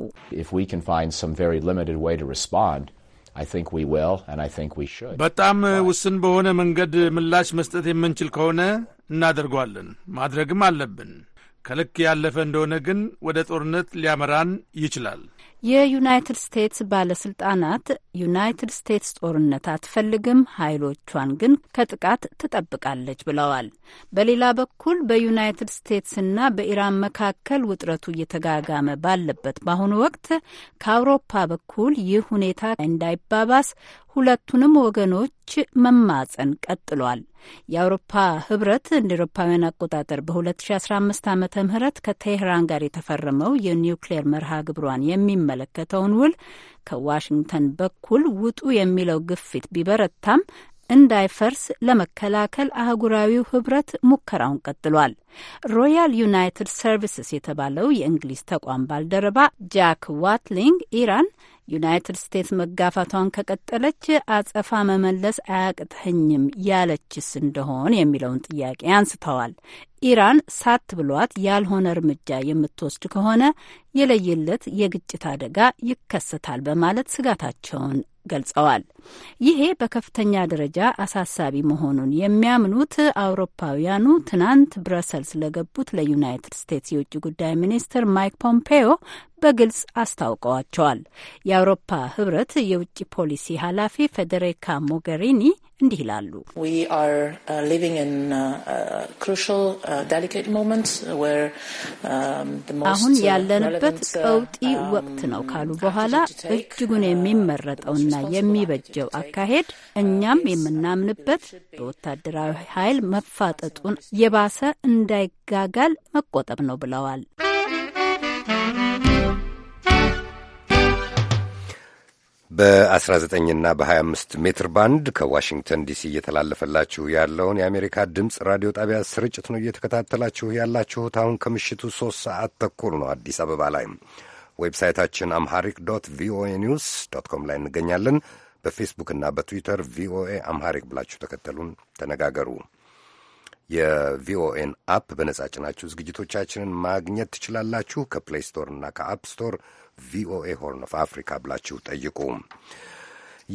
በጣም ውስን በሆነ መንገድ ምላሽ መስጠት የምንችል ከሆነ እናደርጓለን፣ ማድረግም አለብን። ከልክ ያለፈ እንደሆነ ግን ወደ ጦርነት ሊያመራን ይችላል። የዩናይትድ ስቴትስ ባለስልጣናት ዩናይትድ ስቴትስ ጦርነት አትፈልግም፣ ኃይሎቿን ግን ከጥቃት ትጠብቃለች ብለዋል። በሌላ በኩል በዩናይትድ ስቴትስና በኢራን መካከል ውጥረቱ እየተጋጋመ ባለበት በአሁኑ ወቅት ከአውሮፓ በኩል ይህ ሁኔታ እንዳይባባስ ሁለቱንም ወገኖች መማጸን ቀጥሏል። የአውሮፓ ህብረት እንደ ኤሮፓውያን አቆጣጠር በ2015 ዓ ም ከቴህራን ጋር የተፈረመው የኒውክሌር መርሃ ግብሯን የሚመለከተውን ውል ከዋሽንግተን በኩል ውጡ የሚለው ግፊት ቢበረታም እንዳይፈርስ ለመከላከል አህጉራዊው ህብረት ሙከራውን ቀጥሏል። ሮያል ዩናይትድ ሰርቪስስ የተባለው የእንግሊዝ ተቋም ባልደረባ ጃክ ዋትሊንግ ኢራን ዩናይትድ ስቴትስ መጋፋቷን ከቀጠለች አጸፋ መመለስ አያቅተኝም ያለችስ እንደሆን የሚለውን ጥያቄ አንስተዋል። ኢራን ሳት ብሏት ያልሆነ እርምጃ የምትወስድ ከሆነ የለየለት የግጭት አደጋ ይከሰታል በማለት ስጋታቸውን ገልጸዋል። ይሄ በከፍተኛ ደረጃ አሳሳቢ መሆኑን የሚያምኑት አውሮፓውያኑ ትናንት ብረሰልስ ለገቡት ለዩናይትድ ስቴትስ የውጭ ጉዳይ ሚኒስትር ማይክ ፖምፔዮ በግልጽ አስታውቀዋቸዋል። የአውሮፓ ህብረት የውጭ ፖሊሲ ኃላፊ ፌዴሪካ ሞገሪኒ እንዲህ ይላሉ። አሁን uh, ያለንበት uh, ቀውጢ ወቅት ነው um, ካሉ በኋላ uh, እጅጉን የሚመረጠውና የሚበጀው አካሄድ እኛም የምናምንበት በወታደራዊ ኃይል መፋጠጡን የባሰ እንዳይጋጋል መቆጠብ ነው ብለዋል። በ19ና በ25 ሜትር ባንድ ከዋሽንግተን ዲሲ እየተላለፈላችሁ ያለውን የአሜሪካ ድምፅ ራዲዮ ጣቢያ ስርጭት ነው እየተከታተላችሁ ያላችሁት። አሁን ከምሽቱ ሶስት ሰዓት ተኩል ነው አዲስ አበባ ላይ። ዌብሳይታችን አምሃሪክ ዶት ቪኦኤ ኒውስ ዶት ኮም ላይ እንገኛለን። በፌስቡክና በትዊተር ቪኦኤ አምሃሪክ ብላችሁ ተከተሉን፣ ተነጋገሩ። የቪኦኤን አፕ በነጻ ጭናችሁ ዝግጅቶቻችንን ማግኘት ትችላላችሁ። ከፕሌይ ስቶር እና ከአፕ ስቶር ቪኦኤ ሆርን ኦፍ አፍሪካ ብላችሁ ጠይቁ።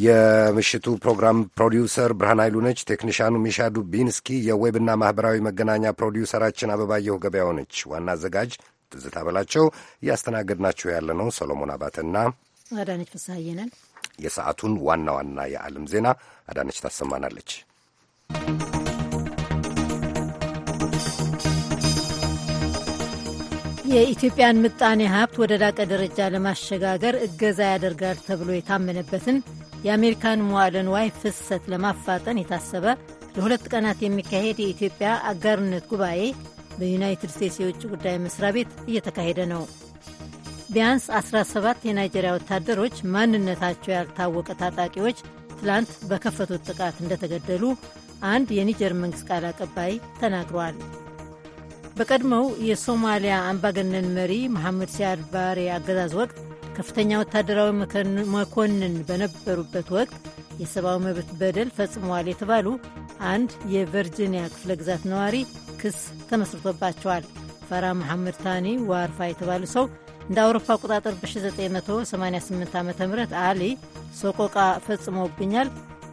የምሽቱ ፕሮግራም ፕሮዲውሰር ብርሃን ኃይሉ ነች። ቴክኒሻኑ ሚሻ ዱቢንስኪ፣ የዌብና ማኅበራዊ መገናኛ ፕሮዲውሰራችን አበባየሁ ገበያው ነች። ዋና አዘጋጅ ትዝታ በላቸው። እያስተናገድናችሁ ያለ ነው ሰሎሞን አባተና አዳነች ፍስሐየናል። የሰዓቱን ዋና ዋና የዓለም ዜና አዳነች ታሰማናለች። የኢትዮጵያን ምጣኔ ሀብት ወደ ላቀ ደረጃ ለማሸጋገር እገዛ ያደርጋል ተብሎ የታመነበትን የአሜሪካን መዋዕለ ንዋይ ፍሰት ለማፋጠን የታሰበ ለሁለት ቀናት የሚካሄድ የኢትዮጵያ አጋርነት ጉባኤ በዩናይትድ ስቴትስ የውጭ ጉዳይ መስሪያ ቤት እየተካሄደ ነው። ቢያንስ 17 የናይጄሪያ ወታደሮች ማንነታቸው ያልታወቀ ታጣቂዎች ትላንት በከፈቱት ጥቃት እንደተገደሉ አንድ የኒጀር መንግሥት ቃል አቀባይ ተናግሯል። በቀድሞው የሶማሊያ አምባገነን መሪ መሐመድ ሲያድ ባሬ አገዛዝ ወቅት ከፍተኛ ወታደራዊ መኮንን በነበሩበት ወቅት የሰብአዊ መብት በደል ፈጽመዋል የተባሉ አንድ የቨርጂኒያ ክፍለ ግዛት ነዋሪ ክስ ተመስርቶባቸዋል። ፈራ መሐመድ ታኒ ዋርፋ የተባሉ ሰው እንደ አውሮፓ አቆጣጠር በ1988 ዓ ም አሊ ሶቆቃ ፈጽመውብኛል፣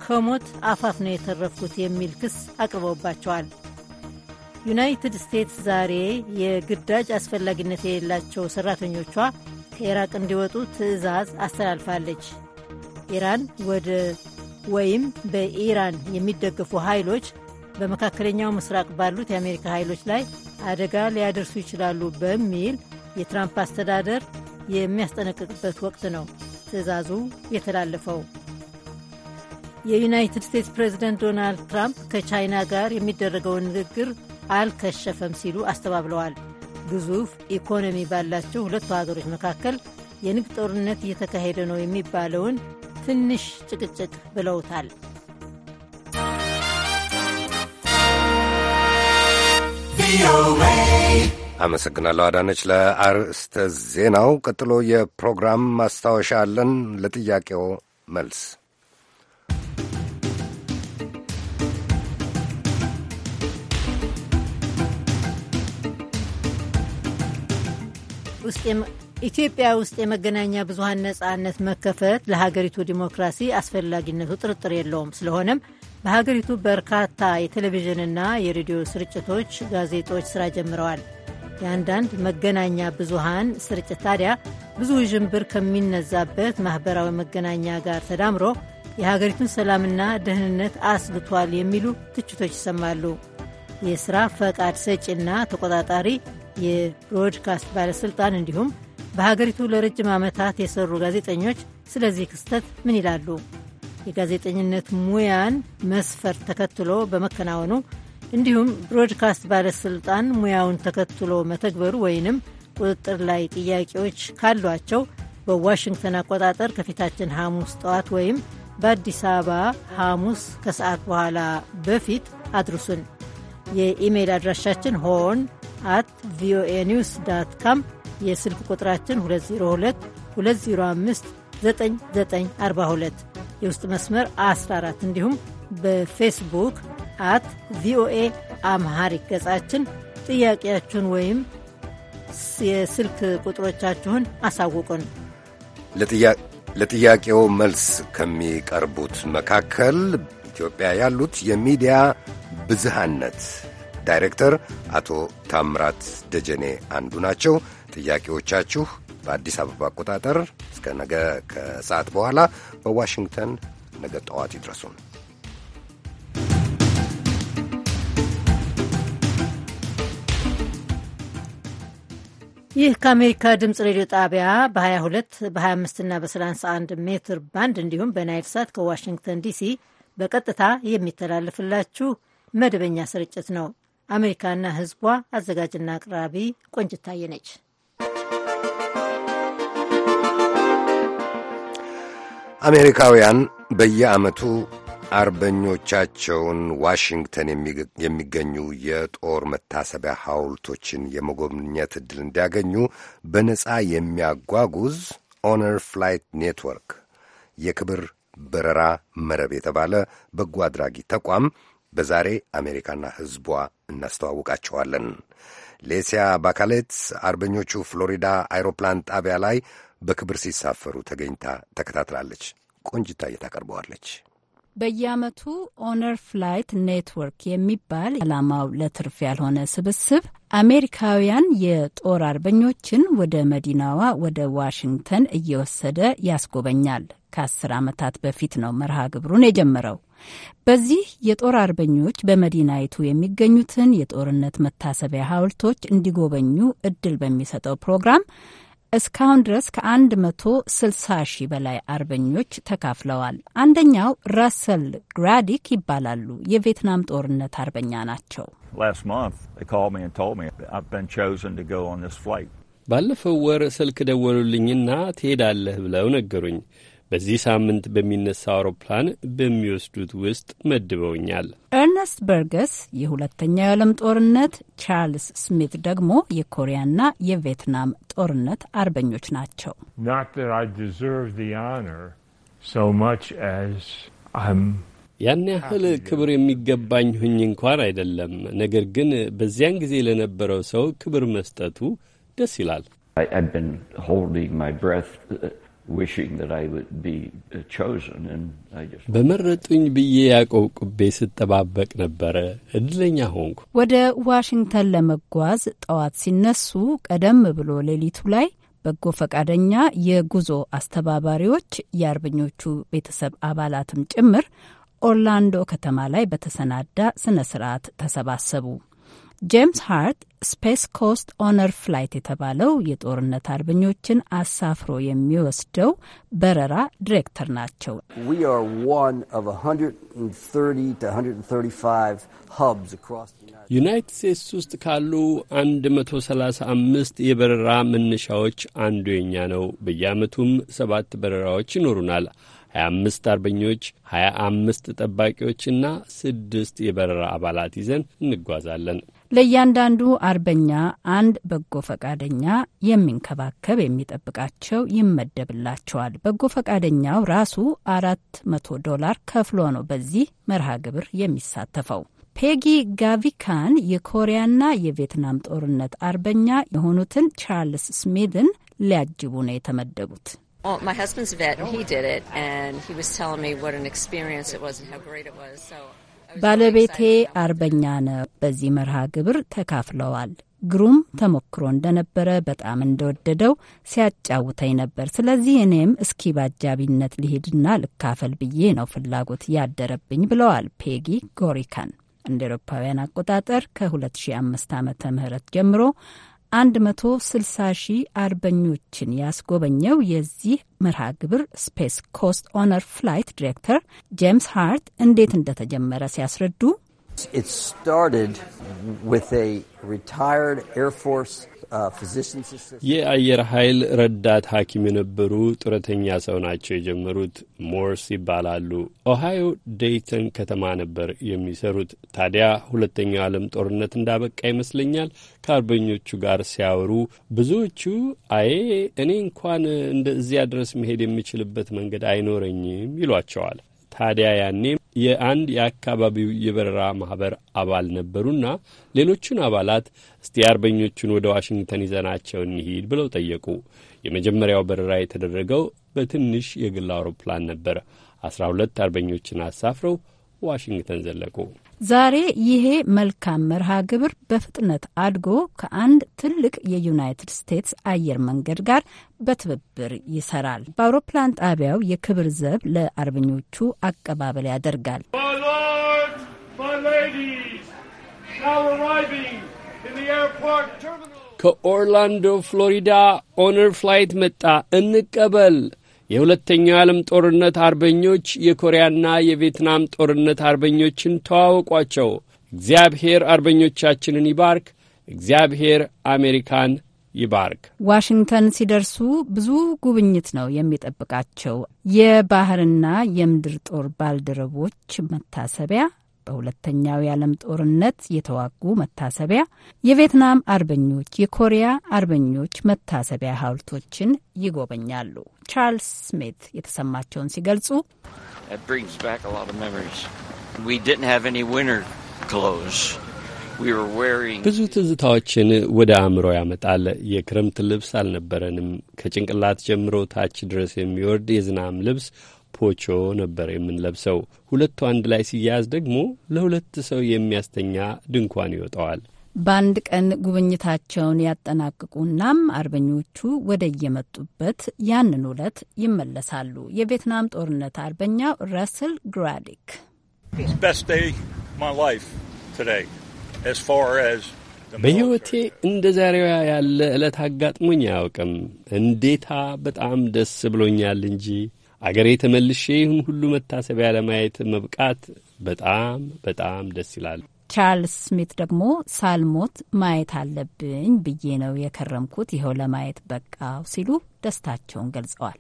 ከሞት አፋፍ ነው የተረፍኩት የሚል ክስ አቅርበውባቸዋል። ዩናይትድ ስቴትስ ዛሬ የግዳጅ አስፈላጊነት የሌላቸው ሰራተኞቿ ከኢራቅ እንዲወጡ ትዕዛዝ አስተላልፋለች። ኢራን ወደ ወይም በኢራን የሚደገፉ ኃይሎች በመካከለኛው ምስራቅ ባሉት የአሜሪካ ኃይሎች ላይ አደጋ ሊያደርሱ ይችላሉ በሚል የትራምፕ አስተዳደር የሚያስጠነቅቅበት ወቅት ነው ትዕዛዙ የተላለፈው። የዩናይትድ ስቴትስ ፕሬዝደንት ዶናልድ ትራምፕ ከቻይና ጋር የሚደረገውን ንግግር አልከሸፈም ሲሉ አስተባብለዋል። ግዙፍ ኢኮኖሚ ባላቸው ሁለቱ ሀገሮች መካከል የንግድ ጦርነት እየተካሄደ ነው የሚባለውን ትንሽ ጭቅጭቅ ብለውታል። አመሰግናለሁ አዳነች ለአርዕስተ ዜናው። ቀጥሎ የፕሮግራም ማስታወሻ አለን። ለጥያቄው መልስ ኢትዮጵያ ውስጥ የመገናኛ ብዙሀን ነጻነት መከፈት ለሀገሪቱ ዲሞክራሲ አስፈላጊነቱ ጥርጥር የለውም። ስለሆነም በሀገሪቱ በርካታ የቴሌቪዥንና የሬዲዮ ስርጭቶች፣ ጋዜጦች ስራ ጀምረዋል። የአንዳንድ መገናኛ ብዙሀን ስርጭት ታዲያ ብዙ ውዥንብር ከሚነዛበት ማኅበራዊ መገናኛ ጋር ተዳምሮ የሀገሪቱን ሰላምና ደህንነት አስግቷል የሚሉ ትችቶች ይሰማሉ። የሥራ ፈቃድ ሰጪና ተቆጣጣሪ የብሮድካስት ባለሥልጣን እንዲሁም በሀገሪቱ ለረጅም ዓመታት የሰሩ ጋዜጠኞች ስለዚህ ክስተት ምን ይላሉ? የጋዜጠኝነት ሙያን መስፈርት ተከትሎ በመከናወኑ እንዲሁም ብሮድካስት ባለሥልጣን ሙያውን ተከትሎ መተግበሩ ወይንም ቁጥጥር ላይ ጥያቄዎች ካሏቸው በዋሽንግተን አቆጣጠር ከፊታችን ሐሙስ ጠዋት ወይም በአዲስ አበባ ሐሙስ ከሰዓት በኋላ በፊት አድርሱን። የኢሜይል አድራሻችን ሆን አት ቪኦኤ ኒውስ ዳት ካም የስልክ ቁጥራችን 202 205 9942 የውስጥ መስመር 14 እንዲሁም በፌስቡክ አት ቪኦኤ አምሃሪክ ገጻችን ጥያቄያችሁን ወይም የስልክ ቁጥሮቻችሁን አሳውቁን። ለጥያቄው መልስ ከሚቀርቡት መካከል ኢትዮጵያ ያሉት የሚዲያ ብዝሃነት ዳይሬክተር አቶ ታምራት ደጀኔ አንዱ ናቸው። ጥያቄዎቻችሁ በአዲስ አበባ አቆጣጠር እስከ ነገ ከሰዓት በኋላ በዋሽንግተን ነገ ጠዋት ይድረሱን። ይህ ከአሜሪካ ድምፅ ሬዲዮ ጣቢያ በ22 በ25 እና በ31 ሜትር ባንድ እንዲሁም በናይል ሳት ከዋሽንግተን ዲሲ በቀጥታ የሚተላለፍላችሁ መደበኛ ስርጭት ነው። አሜሪካና ህዝቧ አዘጋጅና አቅራቢ ቆንጅታዬ ነች። አሜሪካውያን በየዓመቱ አርበኞቻቸውን ዋሽንግተን የሚገኙ የጦር መታሰቢያ ሐውልቶችን የመጎብኘት ዕድል እንዲያገኙ በነጻ የሚያጓጉዝ ኦነር ፍላይት ኔትወርክ የክብር በረራ መረብ የተባለ በጎ አድራጊ ተቋም በዛሬ አሜሪካና ህዝቧ እናስተዋውቃቸዋለን። ሌሲያ ባካሌት አርበኞቹ ፍሎሪዳ አይሮፕላን ጣቢያ ላይ በክብር ሲሳፈሩ ተገኝታ ተከታትላለች። ቆንጅታ እየታቀርበዋለች። በየዓመቱ ኦነር ፍላይት ኔትወርክ የሚባል ዓላማው ለትርፍ ያልሆነ ስብስብ አሜሪካውያን የጦር አርበኞችን ወደ መዲናዋ ወደ ዋሽንግተን እየወሰደ ያስጎበኛል። ከአስር ዓመታት በፊት ነው መርሃ ግብሩን የጀመረው። በዚህ የጦር አርበኞች በመዲናይቱ የሚገኙትን የጦርነት መታሰቢያ ሐውልቶች እንዲጎበኙ እድል በሚሰጠው ፕሮግራም እስካሁን ድረስ ከ160 ሺህ በላይ አርበኞች ተካፍለዋል። አንደኛው ራሰል ግራዲክ ይባላሉ። የቪየትናም ጦርነት አርበኛ ናቸው። ባለፈው ወር ስልክ ደወሉልኝና ትሄዳለህ ብለው ነገሩኝ። በዚህ ሳምንት በሚነሳ አውሮፕላን በሚወስዱት ውስጥ መድበውኛል። ኤርነስት በርገስ የሁለተኛው የዓለም ጦርነት፣ ቻርልስ ስሚት ደግሞ የኮሪያና የቪየትናም ጦርነት አርበኞች ናቸው። ያን ያህል ክብር የሚገባኝ ሁኝ እንኳን አይደለም። ነገር ግን በዚያን ጊዜ ለነበረው ሰው ክብር መስጠቱ ደስ ይላል። Uh, በመረጡኝ ብዬ ያዕቆብ ቁቤ ስጠባበቅ ነበረ። እድለኛ ሆንኩ። ወደ ዋሽንግተን ለመጓዝ ጠዋት ሲነሱ ቀደም ብሎ ሌሊቱ ላይ በጎ ፈቃደኛ የጉዞ አስተባባሪዎች የአርበኞቹ ቤተሰብ አባላትም ጭምር ኦርላንዶ ከተማ ላይ በተሰናዳ ስነ ስርዓት ተሰባሰቡ። ጄምስ ሃርት ስፔስ ኮስት ኦነር ፍላይት የተባለው የጦርነት አርበኞችን አሳፍሮ የሚወስደው በረራ ዲሬክተር ናቸው። ዩናይትድ ስቴትስ ውስጥ ካሉ 135 የበረራ መነሻዎች አንዱ የኛ ነው። በየአመቱም ሰባት በረራዎች ይኖሩናል። 25 አርበኞች፣ 25 ጠባቂዎችና ስድስት የበረራ አባላት ይዘን እንጓዛለን። ለእያንዳንዱ አርበኛ አንድ በጎ ፈቃደኛ የሚንከባከብ የሚጠብቃቸው ይመደብላቸዋል። በጎ ፈቃደኛው ራሱ አራት መቶ ዶላር ከፍሎ ነው በዚህ መርሃ ግብር የሚሳተፈው። ፔጊ ጋቪካን የኮሪያና የቪየትናም ጦርነት አርበኛ የሆኑትን ቻርልስ ስሚዝን ሊያጅቡ ነው የተመደቡት። ባለቤቴ አርበኛ ነው። በዚህ መርሃ ግብር ተካፍለዋል። ግሩም ተሞክሮ እንደነበረ በጣም እንደወደደው ሲያጫውተኝ ነበር። ስለዚህ እኔም እስኪ በአጃቢነት ሊሄድና ልካፈል ብዬ ነው ፍላጎት ያደረብኝ ብለዋል ፔጊ ጎሪካን። እንደ ኤሮፓውያን አቆጣጠር ከ2005 ዓ ም ጀምሮ 160 ሺህ አርበኞችን ያስጎበኘው የዚህ መርሃ ግብር ስፔስ ኮስት ኦነር ፍላይት ዲሬክተር ጄምስ ሃርት እንዴት እንደተጀመረ ሲያስረዱ It started with a retired Air Force Uh, የአየር ኃይል ረዳት ሐኪም የነበሩ ጡረተኛ ሰው ናቸው የጀመሩት። ሞርስ ይባላሉ። ኦሃዮ ዴይተን ከተማ ነበር የሚሰሩት። ታዲያ ሁለተኛው ዓለም ጦርነት እንዳበቃ ይመስለኛል ከአርበኞቹ ጋር ሲያወሩ ብዙዎቹ አይ እኔ እንኳን እንደዚያ ድረስ መሄድ የምችልበት መንገድ አይኖረኝም ይሏቸዋል። ታዲያ ያኔ የአንድ የአካባቢው የበረራ ማህበር አባል ነበሩና ሌሎቹን አባላት እስቲ አርበኞቹን ወደ ዋሽንግተን ይዘናቸው እንሂድ ብለው ጠየቁ። የመጀመሪያው በረራ የተደረገው በትንሽ የግል አውሮፕላን ነበር። አስራ ሁለት አርበኞችን አሳፍረው ዋሽንግተን ዘለቁ። ዛሬ ይሄ መልካም መርሃ ግብር በፍጥነት አድጎ ከአንድ ትልቅ የዩናይትድ ስቴትስ አየር መንገድ ጋር በትብብር ይሰራል። በአውሮፕላን ጣቢያው የክብር ዘብ ለአርበኞቹ አቀባበል ያደርጋል። ከኦርላንዶ ፍሎሪዳ ኦነር ፍላይት መጣ፣ እንቀበል የሁለተኛው ዓለም ጦርነት አርበኞች የኮሪያና የቪየትናም ጦርነት አርበኞችን ተዋወቋቸው። እግዚአብሔር አርበኞቻችንን ይባርክ። እግዚአብሔር አሜሪካን ይባርክ። ዋሽንግተን ሲደርሱ ብዙ ጉብኝት ነው የሚጠብቃቸው። የባህርና የምድር ጦር ባልደረቦች መታሰቢያ፣ በሁለተኛው የዓለም ጦርነት የተዋጉ መታሰቢያ፣ የቪየትናም አርበኞች፣ የኮሪያ አርበኞች መታሰቢያ ሐውልቶችን ይጎበኛሉ። ቻርልስ ስሚት የተሰማቸውን ሲገልጹ ብዙ ትዝታዎችን ወደ አእምሮ ያመጣል። የክረምት ልብስ አልነበረንም። ከጭንቅላት ጀምሮ ታች ድረስ የሚወርድ የዝናብ ልብስ ፖቾ ነበር የምንለብሰው። ሁለቱ አንድ ላይ ሲያያዝ ደግሞ ለሁለት ሰው የሚያስተኛ ድንኳን ይወጣዋል። በአንድ ቀን ጉብኝታቸውን ያጠናቅቁናም አርበኞቹ ወደ የመጡበት ያንን ዕለት ይመለሳሉ። የቪየትናም ጦርነት አርበኛው ረስል ግራዲክ በሕይወቴ እንደ ዛሬዋ ያለ ዕለት አጋጥሞኝ አያውቅም። እንዴታ በጣም ደስ ብሎኛል እንጂ አገሬ ተመልሼ ይህን ሁሉ መታሰቢያ ለማየት መብቃት በጣም በጣም ደስ ይላል። ቻርልስ ስሚት ደግሞ ሳልሞት ማየት አለብኝ ብዬ ነው የከረምኩት፣ ይኸው ለማየት በቃው ሲሉ ደስታቸውን ገልጸዋል።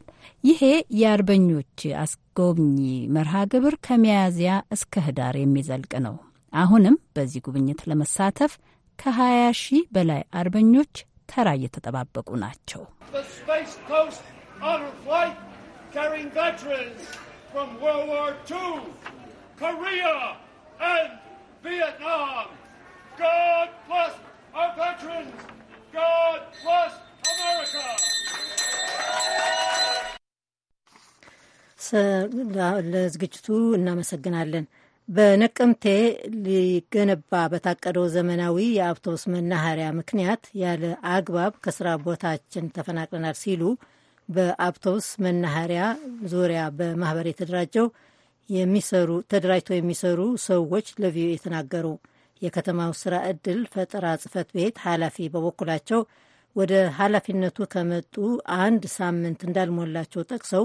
ይሄ የአርበኞች አስጎብኚ መርሃ ግብር ከሚያዝያ እስከ ህዳር የሚዘልቅ ነው። አሁንም በዚህ ጉብኝት ለመሳተፍ ከ20 ሺህ በላይ አርበኞች ተራ እየተጠባበቁ ናቸው። Vietnam. God bless our veterans. God bless America. ለዝግጅቱ እናመሰግናለን። በነቀምቴ ሊገነባ በታቀደው ዘመናዊ የአውቶቡስ መናኸሪያ ምክንያት ያለ አግባብ ከስራ ቦታችን ተፈናቅለናል ሲሉ በአውቶቡስ መናኸሪያ ዙሪያ በማህበር የተደራጀው የሚሰሩ ተደራጅተው የሚሰሩ ሰዎች ለቪኦኤ የተናገሩ። የከተማው ስራ ዕድል ፈጠራ ጽህፈት ቤት ኃላፊ በበኩላቸው ወደ ኃላፊነቱ ከመጡ አንድ ሳምንት እንዳልሞላቸው ጠቅሰው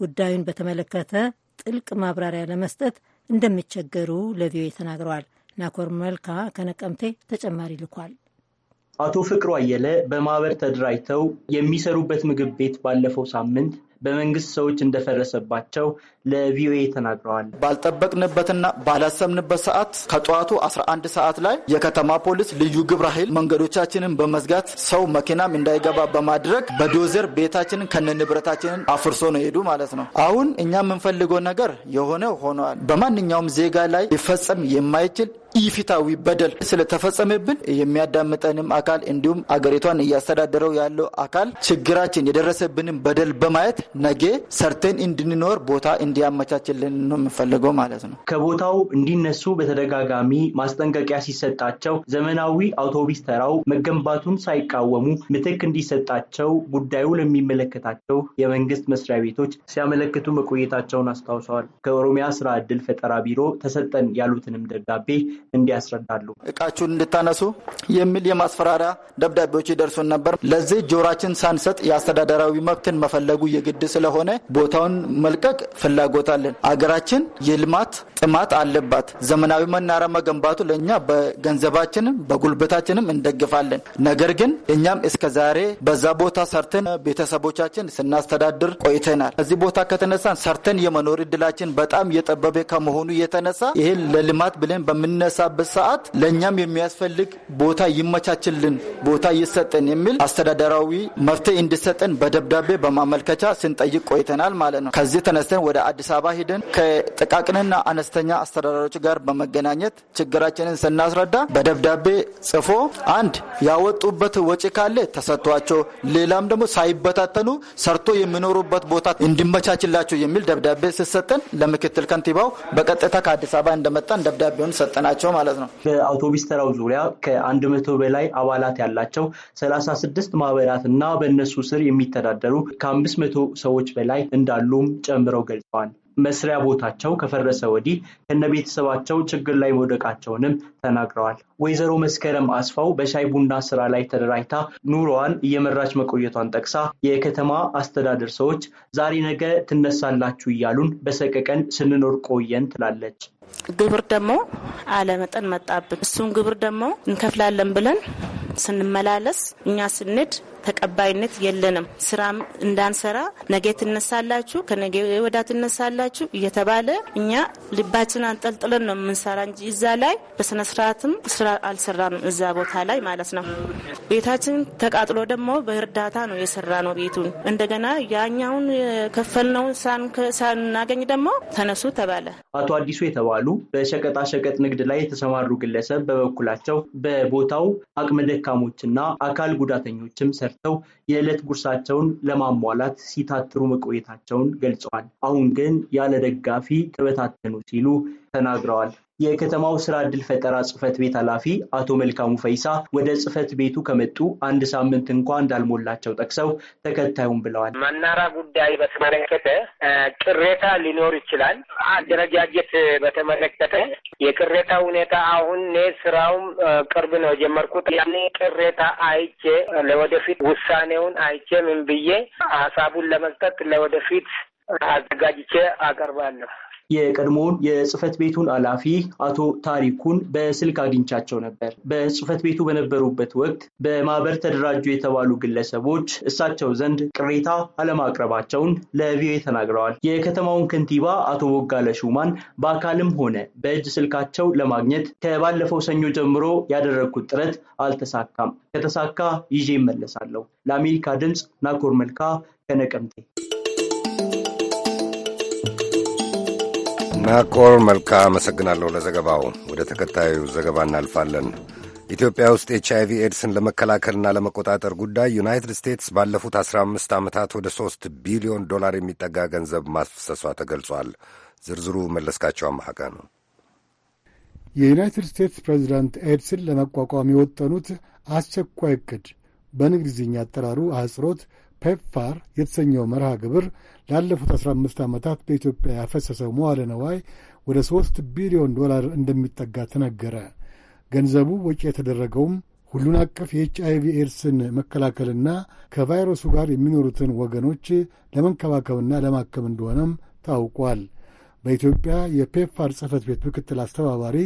ጉዳዩን በተመለከተ ጥልቅ ማብራሪያ ለመስጠት እንደሚቸገሩ ለቪኦኤ ተናግረዋል። ናኮር መልካ ከነቀምቴ ተጨማሪ ልኳል። አቶ ፍቅሩ አየለ በማህበር ተደራጅተው የሚሰሩበት ምግብ ቤት ባለፈው ሳምንት በመንግስት ሰዎች እንደፈረሰባቸው ለቪኦኤ ተናግረዋል። ባልጠበቅንበትና ባላሰብንበት ሰዓት ከጠዋቱ 11 ሰዓት ላይ የከተማ ፖሊስ ልዩ ግብረ ኃይል መንገዶቻችንን በመዝጋት ሰው መኪናም እንዳይገባ በማድረግ በዶዘር ቤታችንን ከነንብረታችንን አፍርሶ ነው ሄዱ ማለት ነው። አሁን እኛ የምንፈልገው ነገር የሆነ ሆነዋል። በማንኛውም ዜጋ ላይ ሊፈጸም የማይችል ኢፊታዊ በደል ስለተፈጸመብን የሚያዳምጠንም አካል እንዲሁም አገሪቷን እያስተዳደረው ያለው አካል ችግራችን የደረሰብንም በደል በማየት ነገ ሰርተን እንድንኖር ቦታ እንዲያመቻችልን ነው የምንፈልገው ማለት ነው። ከቦታው እንዲነሱ በተደጋጋሚ ማስጠንቀቂያ ሲሰጣቸው ዘመናዊ አውቶቡስ ተራው መገንባቱን ሳይቃወሙ ምትክ እንዲሰጣቸው ጉዳዩ ለሚመለከታቸው የመንግስት መስሪያ ቤቶች ሲያመለክቱ መቆየታቸውን አስታውሰዋል። ከኦሮሚያ ስራ እድል ፈጠራ ቢሮ ተሰጠን ያሉትንም ደብዳቤ እንዲያስረዳሉ እቃችሁን እንድታነሱ የሚል የማስፈራሪያ ደብዳቤዎች ይደርሱን ነበር። ለዚህ ጆራችን ሳንሰጥ የአስተዳደራዊ መብትን መፈለጉ የግድ ውድ ስለሆነ ቦታውን መልቀቅ ፍላጎት አለን። አገራችን የልማት ጥማት አለባት። ዘመናዊ መናራ መገንባቱ ለእኛ በገንዘባችንም በጉልበታችንም እንደግፋለን። ነገር ግን እኛም እስከ ዛሬ በዛ ቦታ ሰርተን ቤተሰቦቻችን ስናስተዳድር ቆይተናል። እዚህ ቦታ ከተነሳን ሰርተን የመኖር እድላችን በጣም የጠበበ ከመሆኑ የተነሳ ይህን ለልማት ብለን በምነሳበት ሰዓት ለእኛም የሚያስፈልግ ቦታ ይመቻችልን፣ ቦታ ይሰጠን የሚል አስተዳደራዊ መፍትሄ እንዲሰጠን በደብዳቤ በማመልከቻ ስንጠይቅ ቆይተናል ማለት ነው። ከዚህ ተነስተን ወደ አዲስ አበባ ሂደን ከጥቃቅንና አነስተኛ አስተዳዳሪዎች ጋር በመገናኘት ችግራችንን ስናስረዳ በደብዳቤ ጽፎ አንድ ያወጡበት ወጪ ካለ ተሰጥቷቸው፣ ሌላም ደግሞ ሳይበታተኑ ሰርቶ የሚኖሩበት ቦታ እንዲመቻችላቸው የሚል ደብዳቤ ስሰጠን ለምክትል ከንቲባው በቀጥታ ከአዲስ አበባ እንደመጣን ደብዳቤውን ሰጠናቸው ማለት ነው። በአውቶቡስ ተራው ዙሪያ ከአንድ መቶ በላይ አባላት ያላቸው ሰላሳ ስድስት ማህበራት እና በእነሱ ስር የሚተዳደሩ ከአምስት መቶ ሰዎች በላይ እንዳሉም ጨምረው ገልጸዋል። መስሪያ ቦታቸው ከፈረሰ ወዲህ ከነቤተሰባቸው ችግር ላይ መውደቃቸውንም ተናግረዋል። ወይዘሮ መስከረም አስፋው በሻይ ቡና ስራ ላይ ተደራጅታ ኑሮዋን እየመራች መቆየቷን ጠቅሳ የከተማ አስተዳደር ሰዎች ዛሬ ነገ ትነሳላችሁ እያሉን በሰቀቀን ስንኖር ቆየን ትላለች። ግብር ደግሞ አለመጠን መጣብን። እሱን ግብር ደግሞ እንከፍላለን ብለን ስንመላለስ እኛ ስንሄድ ተቀባይነት የለንም። ስራም እንዳንሰራ ነገ ትነሳላችሁ፣ ከነገ ወዳ ትነሳላችሁ እየተባለ እኛ ልባችን አንጠልጥለን ነው የምንሰራ እንጂ እዛ ላይ በስነስርዓትም ስራ አልሰራንም። እዛ ቦታ ላይ ማለት ነው። ቤታችን ተቃጥሎ ደግሞ በእርዳታ ነው የሰራ ነው ቤቱን። እንደገና ያኛውን የከፈልነውን ሳናገኝ ደግሞ ተነሱ ተባለ። አቶ አዲሱ የተባሉ በሸቀጣሸቀጥ ንግድ ላይ የተሰማሩ ግለሰብ በበኩላቸው በቦታው አቅመ ደካሞችና አካል ጉዳተኞችም ሰ ከፍተው የዕለት ጉርሳቸውን ለማሟላት ሲታትሩ መቆየታቸውን ገልጸዋል። አሁን ግን ያለ ደጋፊ ተበታተኑ ሲሉ ተናግረዋል። የከተማው ስራ ዕድል ፈጠራ ጽህፈት ቤት ኃላፊ አቶ መልካሙ ፈይሳ ወደ ጽህፈት ቤቱ ከመጡ አንድ ሳምንት እንኳ እንዳልሞላቸው ጠቅሰው ተከታዩም ብለዋል። መናራ ጉዳይ በተመለከተ ቅሬታ ሊኖር ይችላል። አደረጃጀት በተመለከተ የቅሬታ ሁኔታ አሁን ስራውም ቅርብ ነው የጀመርኩት። ያኔ ቅሬታ አይቼ ለወደፊት ውሳኔውን አይቼ ምን ብዬ ሀሳቡን ለመስጠት ለወደፊት አዘጋጅቼ አቀርባለሁ። የቀድሞውን የጽህፈት ቤቱን ኃላፊ አቶ ታሪኩን በስልክ አግኝቻቸው ነበር። በጽህፈት ቤቱ በነበሩበት ወቅት በማህበር ተደራጁ የተባሉ ግለሰቦች እሳቸው ዘንድ ቅሬታ አለማቅረባቸውን ለቪኦኤ ተናግረዋል። የከተማውን ከንቲባ አቶ ቦጋለ ሹማን በአካልም ሆነ በእጅ ስልካቸው ለማግኘት ከባለፈው ሰኞ ጀምሮ ያደረግኩት ጥረት አልተሳካም። ከተሳካ ይዤ እመለሳለሁ። ለአሜሪካ ድምፅ ናኮር መልካ ከነቀምቴ ናኮር መልካ አመሰግናለሁ ለዘገባው። ወደ ተከታዩ ዘገባ እናልፋለን። ኢትዮጵያ ውስጥ ኤች አይቪ ኤድስን ለመከላከልና ለመቆጣጠር ጉዳይ ዩናይትድ ስቴትስ ባለፉት 15 ዓመታት ወደ 3 ቢሊዮን ዶላር የሚጠጋ ገንዘብ ማፍሰሷ ተገልጿል። ዝርዝሩ መለስካቸው አማሃጋ ነው። የዩናይትድ ስቴትስ ፕሬዚዳንት ኤድስን ለመቋቋም የወጠኑት አስቸኳይ እቅድ በእንግሊዝኛ አጠራሩ አህጽሮት ፔፕፋር የተሰኘው መርሃ ግብር ላለፉት 15 ዓመታት በኢትዮጵያ ያፈሰሰው መዋለ ነዋይ ወደ 3 ቢሊዮን ዶላር እንደሚጠጋ ተነገረ። ገንዘቡ ወጪ የተደረገውም ሁሉን አቀፍ የኤች አይ ቪ ኤድስን መከላከልና ከቫይረሱ ጋር የሚኖሩትን ወገኖች ለመንከባከብና ለማከም እንደሆነም ታውቋል። በኢትዮጵያ የፔፕፋር ጽሕፈት ቤት ምክትል አስተባባሪ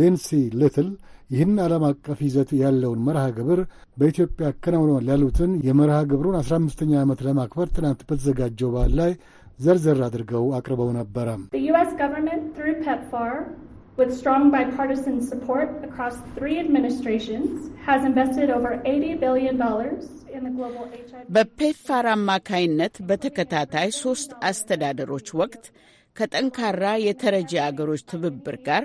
ሌንሲ ሊትል ይህን ዓለም አቀፍ ይዘት ያለውን መርሃ ግብር በኢትዮጵያ አከናውነዋል ያሉትን የመርሃ ግብሩን አስራ አምስተኛ ዓመት ለማክበር ትናንት በተዘጋጀው በዓል ላይ ዘርዘር አድርገው አቅርበው ነበረ። with strong bipartisan support across three administrations, has invested over $80 billion in the global HIV. አማካይነት በተከታታይ ሶስት አስተዳደሮች ወቅት ከጠንካራ የተረጂ አገሮች ትብብር ጋር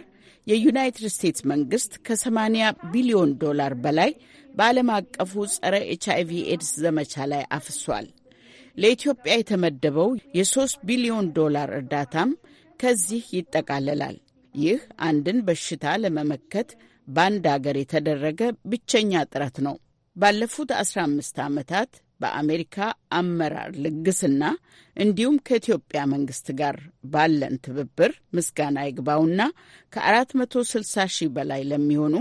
የዩናይትድ ስቴትስ መንግስት ከ80 ቢሊዮን ዶላር በላይ በዓለም አቀፉ ጸረ ኤች አይቪ ኤድስ ዘመቻ ላይ አፍሷል። ለኢትዮጵያ የተመደበው የ3 ቢሊዮን ዶላር እርዳታም ከዚህ ይጠቃለላል። ይህ አንድን በሽታ ለመመከት በአንድ አገር የተደረገ ብቸኛ ጥረት ነው። ባለፉት 15 ዓመታት በአሜሪካ አመራር ልግስና እንዲሁም ከኢትዮጵያ መንግስት ጋር ባለን ትብብር ምስጋና ይግባውና ከ460 ሺህ በላይ ለሚሆኑ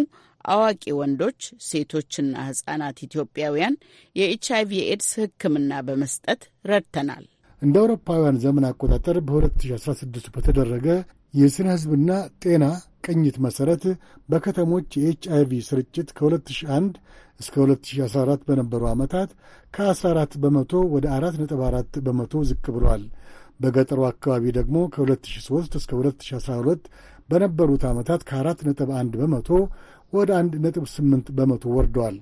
አዋቂ ወንዶች፣ ሴቶችና ህጻናት ኢትዮጵያውያን የኤች አይቪ ኤድስ ሕክምና በመስጠት ረድተናል። እንደ አውሮፓውያን ዘመን አቆጣጠር በ2016 በተደረገ የሥነ ሕዝብና ጤና ቅኝት መሠረት በከተሞች የኤች አይቪ ስርጭት ከ2001 እስከ 2014 በነበሩ ዓመታት ከ14 በመቶ ወደ 4.4 በመቶ ዝቅ ብሏል። በገጠሩ አካባቢ ደግሞ ከ2003 እስከ 2012 በነበሩት ዓመታት ከ4.1 በመቶ ወደ 1.8 በመቶ ወርደዋል።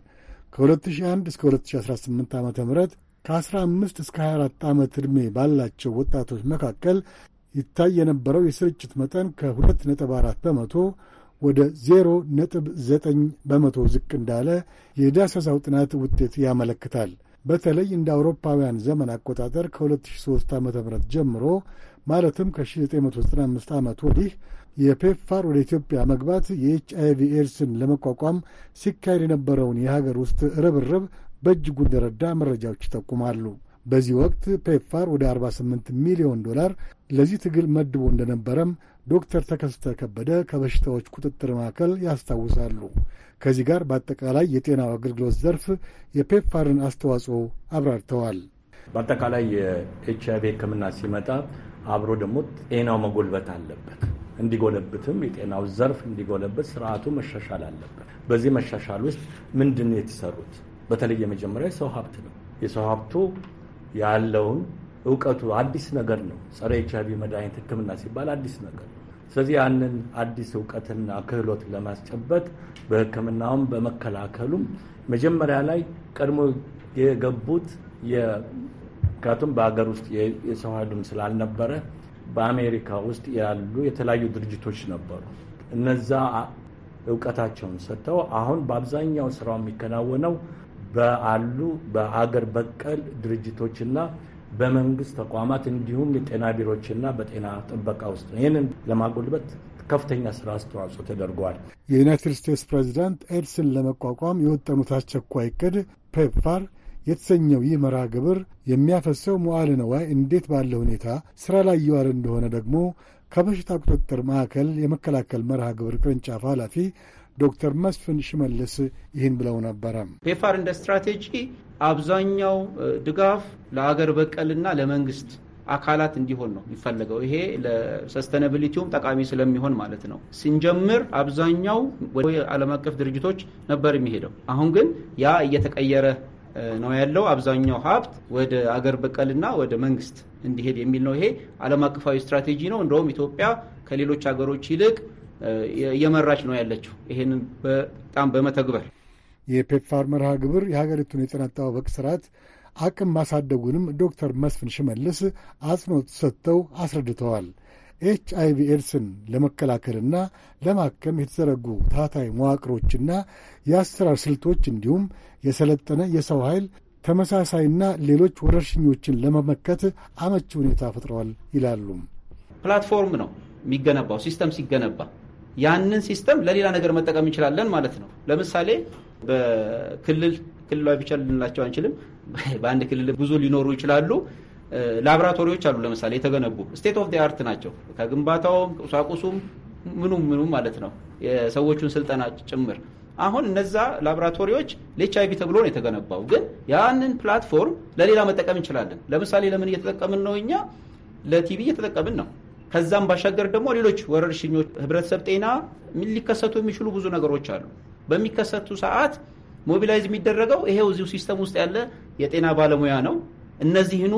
ከ2001 እስከ 2018 ዓ ም ከ15 እስከ 24 ዓመት ዕድሜ ባላቸው ወጣቶች መካከል ይታይ የነበረው የስርጭት መጠን ከ2.4 በመቶ ወደ 0.9 በመቶ ዝቅ እንዳለ የዳሰሳው ጥናት ውጤት ያመለክታል። በተለይ እንደ አውሮፓውያን ዘመን አቆጣጠር ከ2003 ዓ ም ጀምሮ ማለትም ከ1995 ዓመት ወዲህ የፔፕፋር ወደ ኢትዮጵያ መግባት የኤች አይቪ ኤድስን ለመቋቋም ሲካሄድ የነበረውን የሀገር ውስጥ ርብርብ በእጅጉ እንደረዳ መረጃዎች ይጠቁማሉ። በዚህ ወቅት ፔፕፋር ወደ 48 ሚሊዮን ዶላር ለዚህ ትግል መድቦ እንደነበረም ዶክተር ተከስተ ከበደ ከበሽታዎች ቁጥጥር ማዕከል ያስታውሳሉ። ከዚህ ጋር በአጠቃላይ የጤናው አገልግሎት ዘርፍ የፔፕፋርን አስተዋጽኦ አብራርተዋል። በአጠቃላይ የኤች አይቪ ሕክምና ሲመጣ አብሮ ደግሞ ጤናው መጎልበት አለበት። እንዲጎለብትም የጤናው ዘርፍ እንዲጎለበት ስርዓቱ መሻሻል አለበት። በዚህ መሻሻል ውስጥ ምንድን ነው የተሰሩት? በተለይ የመጀመሪያ የሰው ሀብት ነው። የሰው ሀብቱ ያለውን እውቀቱ አዲስ ነገር ነው። ጸረ ኤች አይቪ መድኃኒት ህክምና ሲባል አዲስ ነገር ነው። ስለዚህ ያንን አዲስ እውቀትና ክህሎት ለማስጨበጥ በህክምናውም በመከላከሉም መጀመሪያ ላይ ቀድሞ የገቡት ምክንያቱም በሀገር ውስጥ የሰው ኃይሉም ስላልነበረ በአሜሪካ ውስጥ ያሉ የተለያዩ ድርጅቶች ነበሩ። እነዛ እውቀታቸውን ሰጥተው አሁን በአብዛኛው ስራው የሚከናወነው በአሉ በአገር በቀል ድርጅቶችና በመንግስት ተቋማት እንዲሁም የጤና ቢሮዎችና በጤና ጥበቃ ውስጥ ነው። ይህንን ለማጎልበት ከፍተኛ ስራ አስተዋጽኦ ተደርጓል። የዩናይትድ ስቴትስ ፕሬዚዳንት ኤድስን ለመቋቋም የወጠኑት አስቸኳይ እቅድ ፔፕፋር የተሰኘው ይህ መርሃ ግብር የሚያፈሰው መዋዕለ ነዋይ እንዴት ባለ ሁኔታ ስራ ላይ እየዋለ እንደሆነ ደግሞ ከበሽታ ቁጥጥር ማዕከል የመከላከል መርሃ ግብር ቅርንጫፍ ኃላፊ ዶክተር መስፍን ሽመልስ ይህን ብለው ነበረ። ፔፋር እንደ ስትራቴጂ አብዛኛው ድጋፍ ለአገር በቀልና ለመንግስት አካላት እንዲሆን ነው የሚፈለገው። ይሄ ለሰስተነብሊቲውም ጠቃሚ ስለሚሆን ማለት ነው። ስንጀምር አብዛኛው ወደ ዓለም አቀፍ ድርጅቶች ነበር የሚሄደው። አሁን ግን ያ እየተቀየረ ነው ያለው። አብዛኛው ሀብት ወደ አገር በቀልና ወደ መንግስት እንዲሄድ የሚል ነው። ይሄ ዓለም አቀፋዊ ስትራቴጂ ነው። እንደውም ኢትዮጵያ ከሌሎች ሀገሮች ይልቅ እየመራች ነው ያለችው። ይሄንን በጣም በመተግበር የፔፕፋር መርሃ ግብር የሀገሪቱን የጤና አጠባበቅ ስርዓት አቅም ማሳደጉንም ዶክተር መስፍን ሽመልስ አጽንኦት ሰጥተው አስረድተዋል። ኤች ቪ ኤድስን ለመከላከልና ለማከም የተዘረጉ ታታይ መዋቅሮችና የአሰራር ስልቶች እንዲሁም የሰለጠነ የሰው ኃይል ተመሳሳይና ሌሎች ወረርሽኞችን ለመመከት አመቺ ሁኔታ ፈጥረዋል ይላሉ። ፕላትፎርም ነው የሚገነባው ሲስተም ሲገነባ ያንን ሲስተም ለሌላ ነገር መጠቀም እንችላለን ማለት ነው። ለምሳሌ በክልል ክልሏ ብቻ ልንላቸው አንችልም። በአንድ ክልል ብዙ ሊኖሩ ይችላሉ። ላቦራቶሪዎች አሉ። ለምሳሌ የተገነቡ ስቴት ኦፍ ዲ አርት ናቸው። ከግንባታውም ቁሳቁሱም ምኑም ምኑም ማለት ነው የሰዎቹን ስልጠና ጭምር። አሁን እነዛ ላብራቶሪዎች ለኤች አይቪ ተብሎ ነው የተገነባው፣ ግን ያንን ፕላትፎርም ለሌላ መጠቀም እንችላለን። ለምሳሌ ለምን እየተጠቀምን ነው? እኛ ለቲቪ እየተጠቀምን ነው። ከዛም ባሻገር ደግሞ ሌሎች ወረርሽኞች ህብረተሰብ ጤና ሊከሰቱ የሚችሉ ብዙ ነገሮች አሉ። በሚከሰቱ ሰዓት ሞቢላይዝ የሚደረገው ይሄው እዚሁ ሲስተም ውስጥ ያለ የጤና ባለሙያ ነው። እነዚህኑ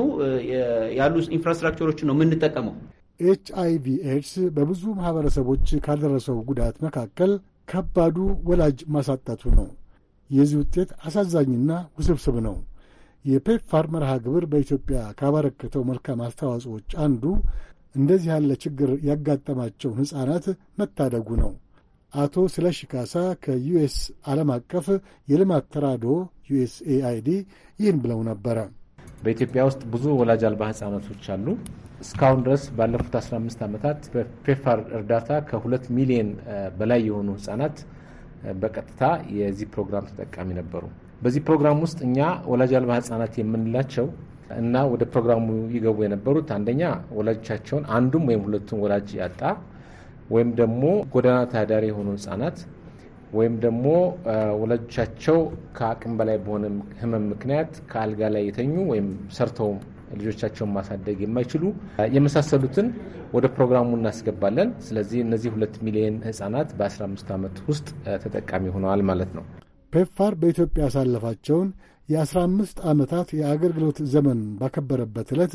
ያሉ ኢንፍራስትራክቸሮችን ነው የምንጠቀመው። ኤች አይ ቪ ኤድስ በብዙ ማህበረሰቦች ካደረሰው ጉዳት መካከል ከባዱ ወላጅ ማሳጣቱ ነው። የዚህ ውጤት አሳዛኝና ውስብስብ ነው። የፔፕፋር መርሃ ግብር በኢትዮጵያ ካበረከተው መልካም አስተዋጽኦች አንዱ እንደዚህ ያለ ችግር ያጋጠማቸውን ሕፃናት መታደጉ ነው። አቶ ስለሺ ካሳ ከዩኤስ ዓለም አቀፍ የልማት ተራድኦ ዩኤስኤአይዲ ይህን ብለው ነበረ። በኢትዮጵያ ውስጥ ብዙ ወላጅ አልባ ህፃናቶች አሉ። እስካሁን ድረስ ባለፉት 15 ዓመታት በፔፋር እርዳታ ከሁለት ሚሊዮን በላይ የሆኑ ህፃናት በቀጥታ የዚህ ፕሮግራም ተጠቃሚ ነበሩ። በዚህ ፕሮግራም ውስጥ እኛ ወላጅ አልባ ህፃናት የምንላቸው እና ወደ ፕሮግራሙ ይገቡ የነበሩት አንደኛ ወላጆቻቸውን አንዱም ወይም ሁለቱም ወላጅ ያጣ ወይም ደግሞ ጎዳና ተዳዳሪ የሆኑ ህጻናት ወይም ደግሞ ወላጆቻቸው ከአቅም በላይ በሆነ ህመም ምክንያት ከአልጋ ላይ የተኙ ወይም ሰርተው ልጆቻቸውን ማሳደግ የማይችሉ የመሳሰሉትን ወደ ፕሮግራሙ እናስገባለን። ስለዚህ እነዚህ ሁለት ሚሊዮን ህጻናት በ15 ዓመት ውስጥ ተጠቃሚ ሆነዋል ማለት ነው። ፔፋር በኢትዮጵያ ያሳለፋቸውን የአስራ አምስት ዓመታት የአገልግሎት ዘመን ባከበረበት ዕለት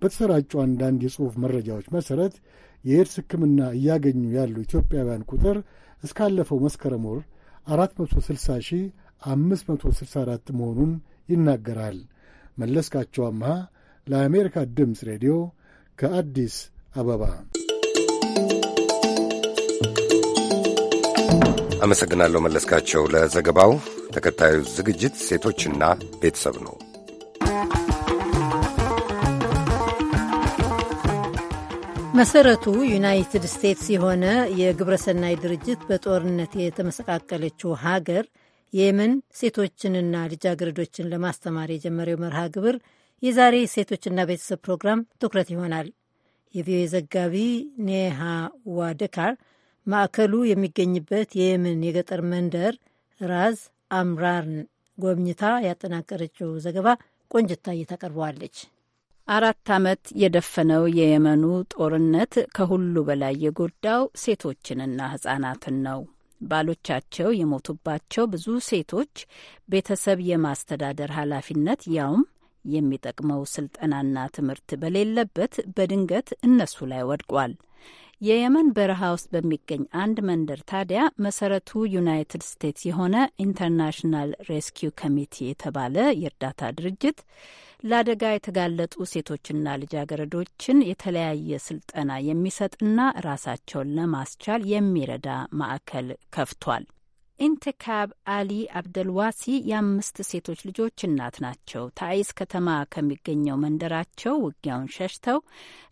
በተሰራጩ አንዳንድ የጽሑፍ መረጃዎች መሠረት የኤድስ ሕክምና እያገኙ ያሉ ኢትዮጵያውያን ቁጥር እስካለፈው መስከረም ወር 460 ሺህ መሆኑን ይናገራል። መለስካቸው አምሃ ለአሜሪካ ድምፅ ሬዲዮ ከአዲስ አበባ አመሰግናለሁ መለስካቸው ለዘገባው። ተከታዩ ዝግጅት ሴቶችና ቤተሰብ ነው። መሰረቱ ዩናይትድ ስቴትስ የሆነ የግብረሰናይ ድርጅት በጦርነት የተመሰቃቀለችው ሀገር የየመን ሴቶችንና ልጃገረዶችን ለማስተማር የጀመረው መርሃ ግብር የዛሬ ሴቶችና ቤተሰብ ፕሮግራም ትኩረት ይሆናል። የቪኦኤ ዘጋቢ ኔሃ ዋደካር ማዕከሉ የሚገኝበት የየመን የገጠር መንደር ራዝ አምራርን ጎብኝታ ያጠናቀረችው ዘገባ ቆንጅታዬ ታቀርበዋለች። አራት ዓመት የደፈነው የየመኑ ጦርነት ከሁሉ በላይ የጎዳው ሴቶችንና ሕጻናትን ነው። ባሎቻቸው የሞቱባቸው ብዙ ሴቶች ቤተሰብ የማስተዳደር ኃላፊነት ያውም የሚጠቅመው ስልጠናና ትምህርት በሌለበት በድንገት እነሱ ላይ ወድቋል። የየመን በረሃ ውስጥ በሚገኝ አንድ መንደር ታዲያ መሰረቱ ዩናይትድ ስቴትስ የሆነ ኢንተርናሽናል ሬስኪው ኮሚቴ የተባለ የእርዳታ ድርጅት ለአደጋ የተጋለጡ ሴቶችና ልጃገረዶችን የተለያየ ስልጠና የሚሰጥና ራሳቸውን ለማስቻል የሚረዳ ማዕከል ከፍቷል። ኢንትካብ አሊ አብደልዋሲ የአምስት ሴቶች ልጆች እናት ናቸው። ታይስ ከተማ ከሚገኘው መንደራቸው ውጊያውን ሸሽተው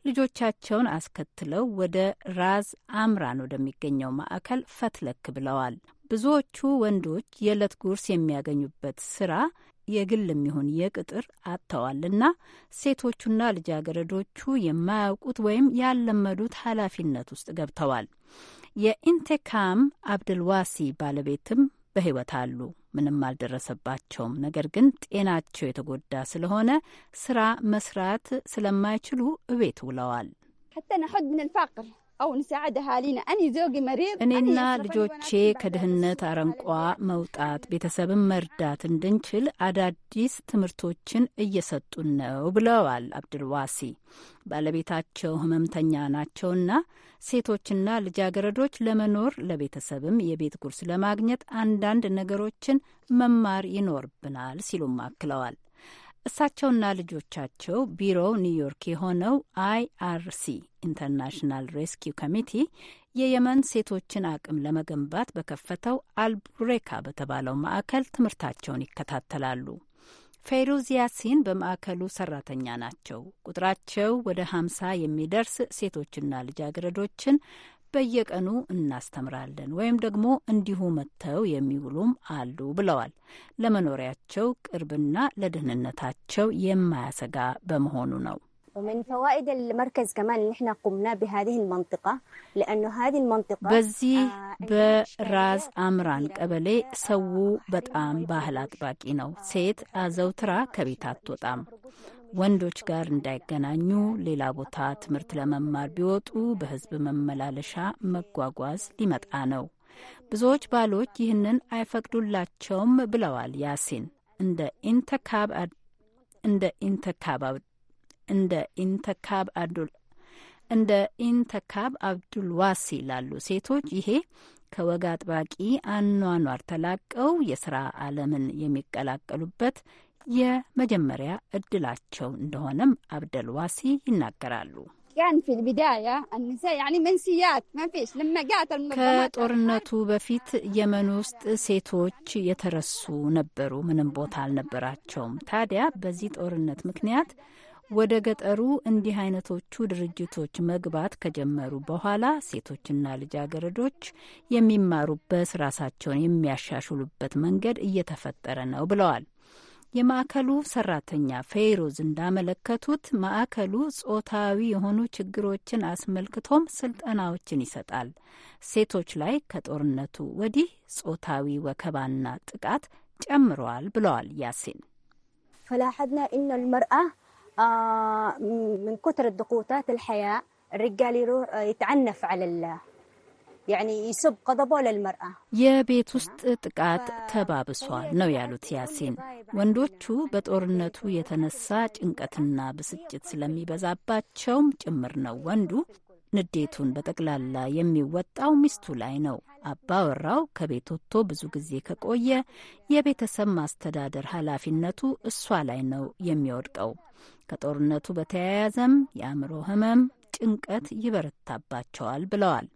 ልጆቻቸውን አስከትለው ወደ ራዝ አምራን ወደሚገኘው ማዕከል ፈትለክ ብለዋል። ብዙዎቹ ወንዶች የዕለት ጉርስ የሚያገኙበት ስራ የግል የሚሆን የቅጥር አጥተዋልና ሴቶቹና ልጃገረዶቹ የማያውቁት ወይም ያልለመዱት ኃላፊነት ውስጥ ገብተዋል። የኢንቴካም አብድልዋሲ ባለቤትም በህይወት አሉ። ምንም አልደረሰባቸውም። ነገር ግን ጤናቸው የተጎዳ ስለሆነ ስራ መስራት ስለማይችሉ እቤት ውለዋል። እኔና ልጆቼ ከድህነት አረንቋ መውጣት፣ ቤተሰብን መርዳት እንድንችል አዳዲስ ትምህርቶችን እየሰጡን ነው ብለዋል አብድልዋሲ። ባለቤታቸው ህመምተኛ ናቸውና ሴቶችና ልጃገረዶች ለመኖር ለቤተሰብም የቤት ጉርስ ለማግኘት አንዳንድ ነገሮችን መማር ይኖርብናል ሲሉም አክለዋል። እሳቸውና ልጆቻቸው ቢሮው ኒውዮርክ የሆነው አይአርሲ ኢንተርናሽናል ሬስኪው ኮሚቲ የየመን ሴቶችን አቅም ለመገንባት በከፈተው አልቡሬካ በተባለው ማዕከል ትምህርታቸውን ይከታተላሉ። ፌሩዝ ያሲን በማዕከሉ ሰራተኛ ናቸው። ቁጥራቸው ወደ ሀምሳ የሚደርስ ሴቶችና ልጃገረዶችን በየቀኑ እናስተምራለን ወይም ደግሞ እንዲሁ መጥተው የሚውሉም አሉ ብለዋል። ለመኖሪያቸው ቅርብና ለደህንነታቸው የማያሰጋ በመሆኑ ነው። በዚህ በራዝ አምራን ቀበሌ ሰው በጣም ባህል አጥባቂ ነው። ሴት አዘውትራ ከቤት አትወጣም። ወንዶች ጋር እንዳይገናኙ፣ ሌላ ቦታ ትምህርት ለመማር ቢወጡ በህዝብ መመላለሻ መጓጓዝ ሊመጣ ነው። ብዙዎች ባሎች ይህንን አይፈቅዱላቸውም ብለዋል ያሲን እንደ ኢንተካብ እንደ ኢንተካብ እንደ ኢንተካብ አብዱል ዋሲ ላሉ ሴቶች ይሄ ከወግ አጥባቂ አኗኗር ተላቀው የስራ ዓለምን የሚቀላቀሉበት የመጀመሪያ እድላቸው እንደሆነም አብደልዋሲ ይናገራሉ። ከጦርነቱ በፊት የመን ውስጥ ሴቶች የተረሱ ነበሩ፣ ምንም ቦታ አልነበራቸውም። ታዲያ በዚህ ጦርነት ምክንያት ወደ ገጠሩ እንዲህ አይነቶቹ ድርጅቶች መግባት ከጀመሩ በኋላ ሴቶችና ልጃገረዶች የሚማሩበት ራሳቸውን የሚያሻሽሉበት መንገድ እየተፈጠረ ነው ብለዋል። የማዕከሉ ሰራተኛ ፌይሮዝ እንዳመለከቱት ማዕከሉ ጾታዊ የሆኑ ችግሮችን አስመልክቶም ስልጠናዎችን ይሰጣል። ሴቶች ላይ ከጦርነቱ ወዲህ ጾታዊ ወከባና ጥቃት ጨምረዋል ብለዋል ያሲን። ፈላሐድና እነ ልመርአ ምን ኩትር ድቁታት ልሐያ ሪጋል ይትዓነፍ ዐለላ የቤት ውስጥ ጥቃት ተባብሷል ነው ያሉት ያሲን። ወንዶቹ በጦርነቱ የተነሳ ጭንቀትና ብስጭት ስለሚበዛባቸውም ጭምር ነው ወንዱ ንዴቱን በጠቅላላ የሚወጣው ሚስቱ ላይ ነው። አባወራው ከቤት ወጥቶ ብዙ ጊዜ ከቆየ የቤተሰብ ማስተዳደር ኃላፊነቱ እሷ ላይ ነው የሚወድቀው። ከጦርነቱ በተያያዘም የአእምሮ ሕመም፣ ጭንቀት ይበረታባቸዋል ብለዋል።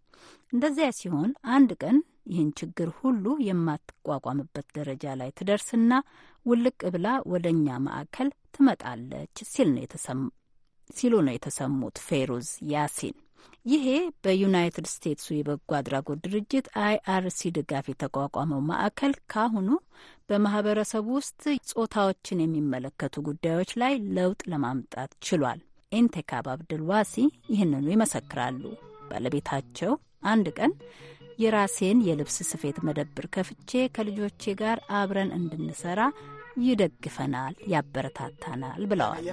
እንደዚያ ሲሆን አንድ ቀን ይህን ችግር ሁሉ የማትቋቋምበት ደረጃ ላይ ትደርስና ውልቅ ብላ ወደ እኛ ማዕከል ትመጣለች ሲሉ ነው የተሰሙት ፌሩዝ ያሲን። ይሄ በዩናይትድ ስቴትሱ የበጎ አድራጎት ድርጅት አይአርሲ ድጋፍ የተቋቋመው ማዕከል ካሁኑ በማህበረሰቡ ውስጥ ጾታዎችን የሚመለከቱ ጉዳዮች ላይ ለውጥ ለማምጣት ችሏል። ኢንቴካብ አብድልዋሲ ይህንኑ ይመሰክራሉ። ባለቤታቸው አንድ ቀን የራሴን የልብስ ስፌት መደብር ከፍቼ ከልጆቼ ጋር አብረን እንድንሰራ ይደግፈናል፣ ያበረታታናል ብለዋል።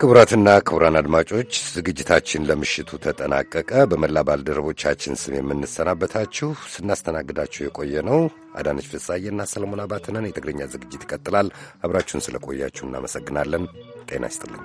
ክቡራትና ክቡራን አድማጮች ዝግጅታችን ለምሽቱ ተጠናቀቀ። በመላ ባልደረቦቻችን ስም የምንሰናበታችሁ ስናስተናግዳችሁ የቆየ ነው አዳነች ፍሳዬና ሰለሞን አባተነን። የትግርኛ ዝግጅት ይቀጥላል። አብራችሁን ስለቆያችሁ እናመሰግናለን። ጤና ይስጥልኝ።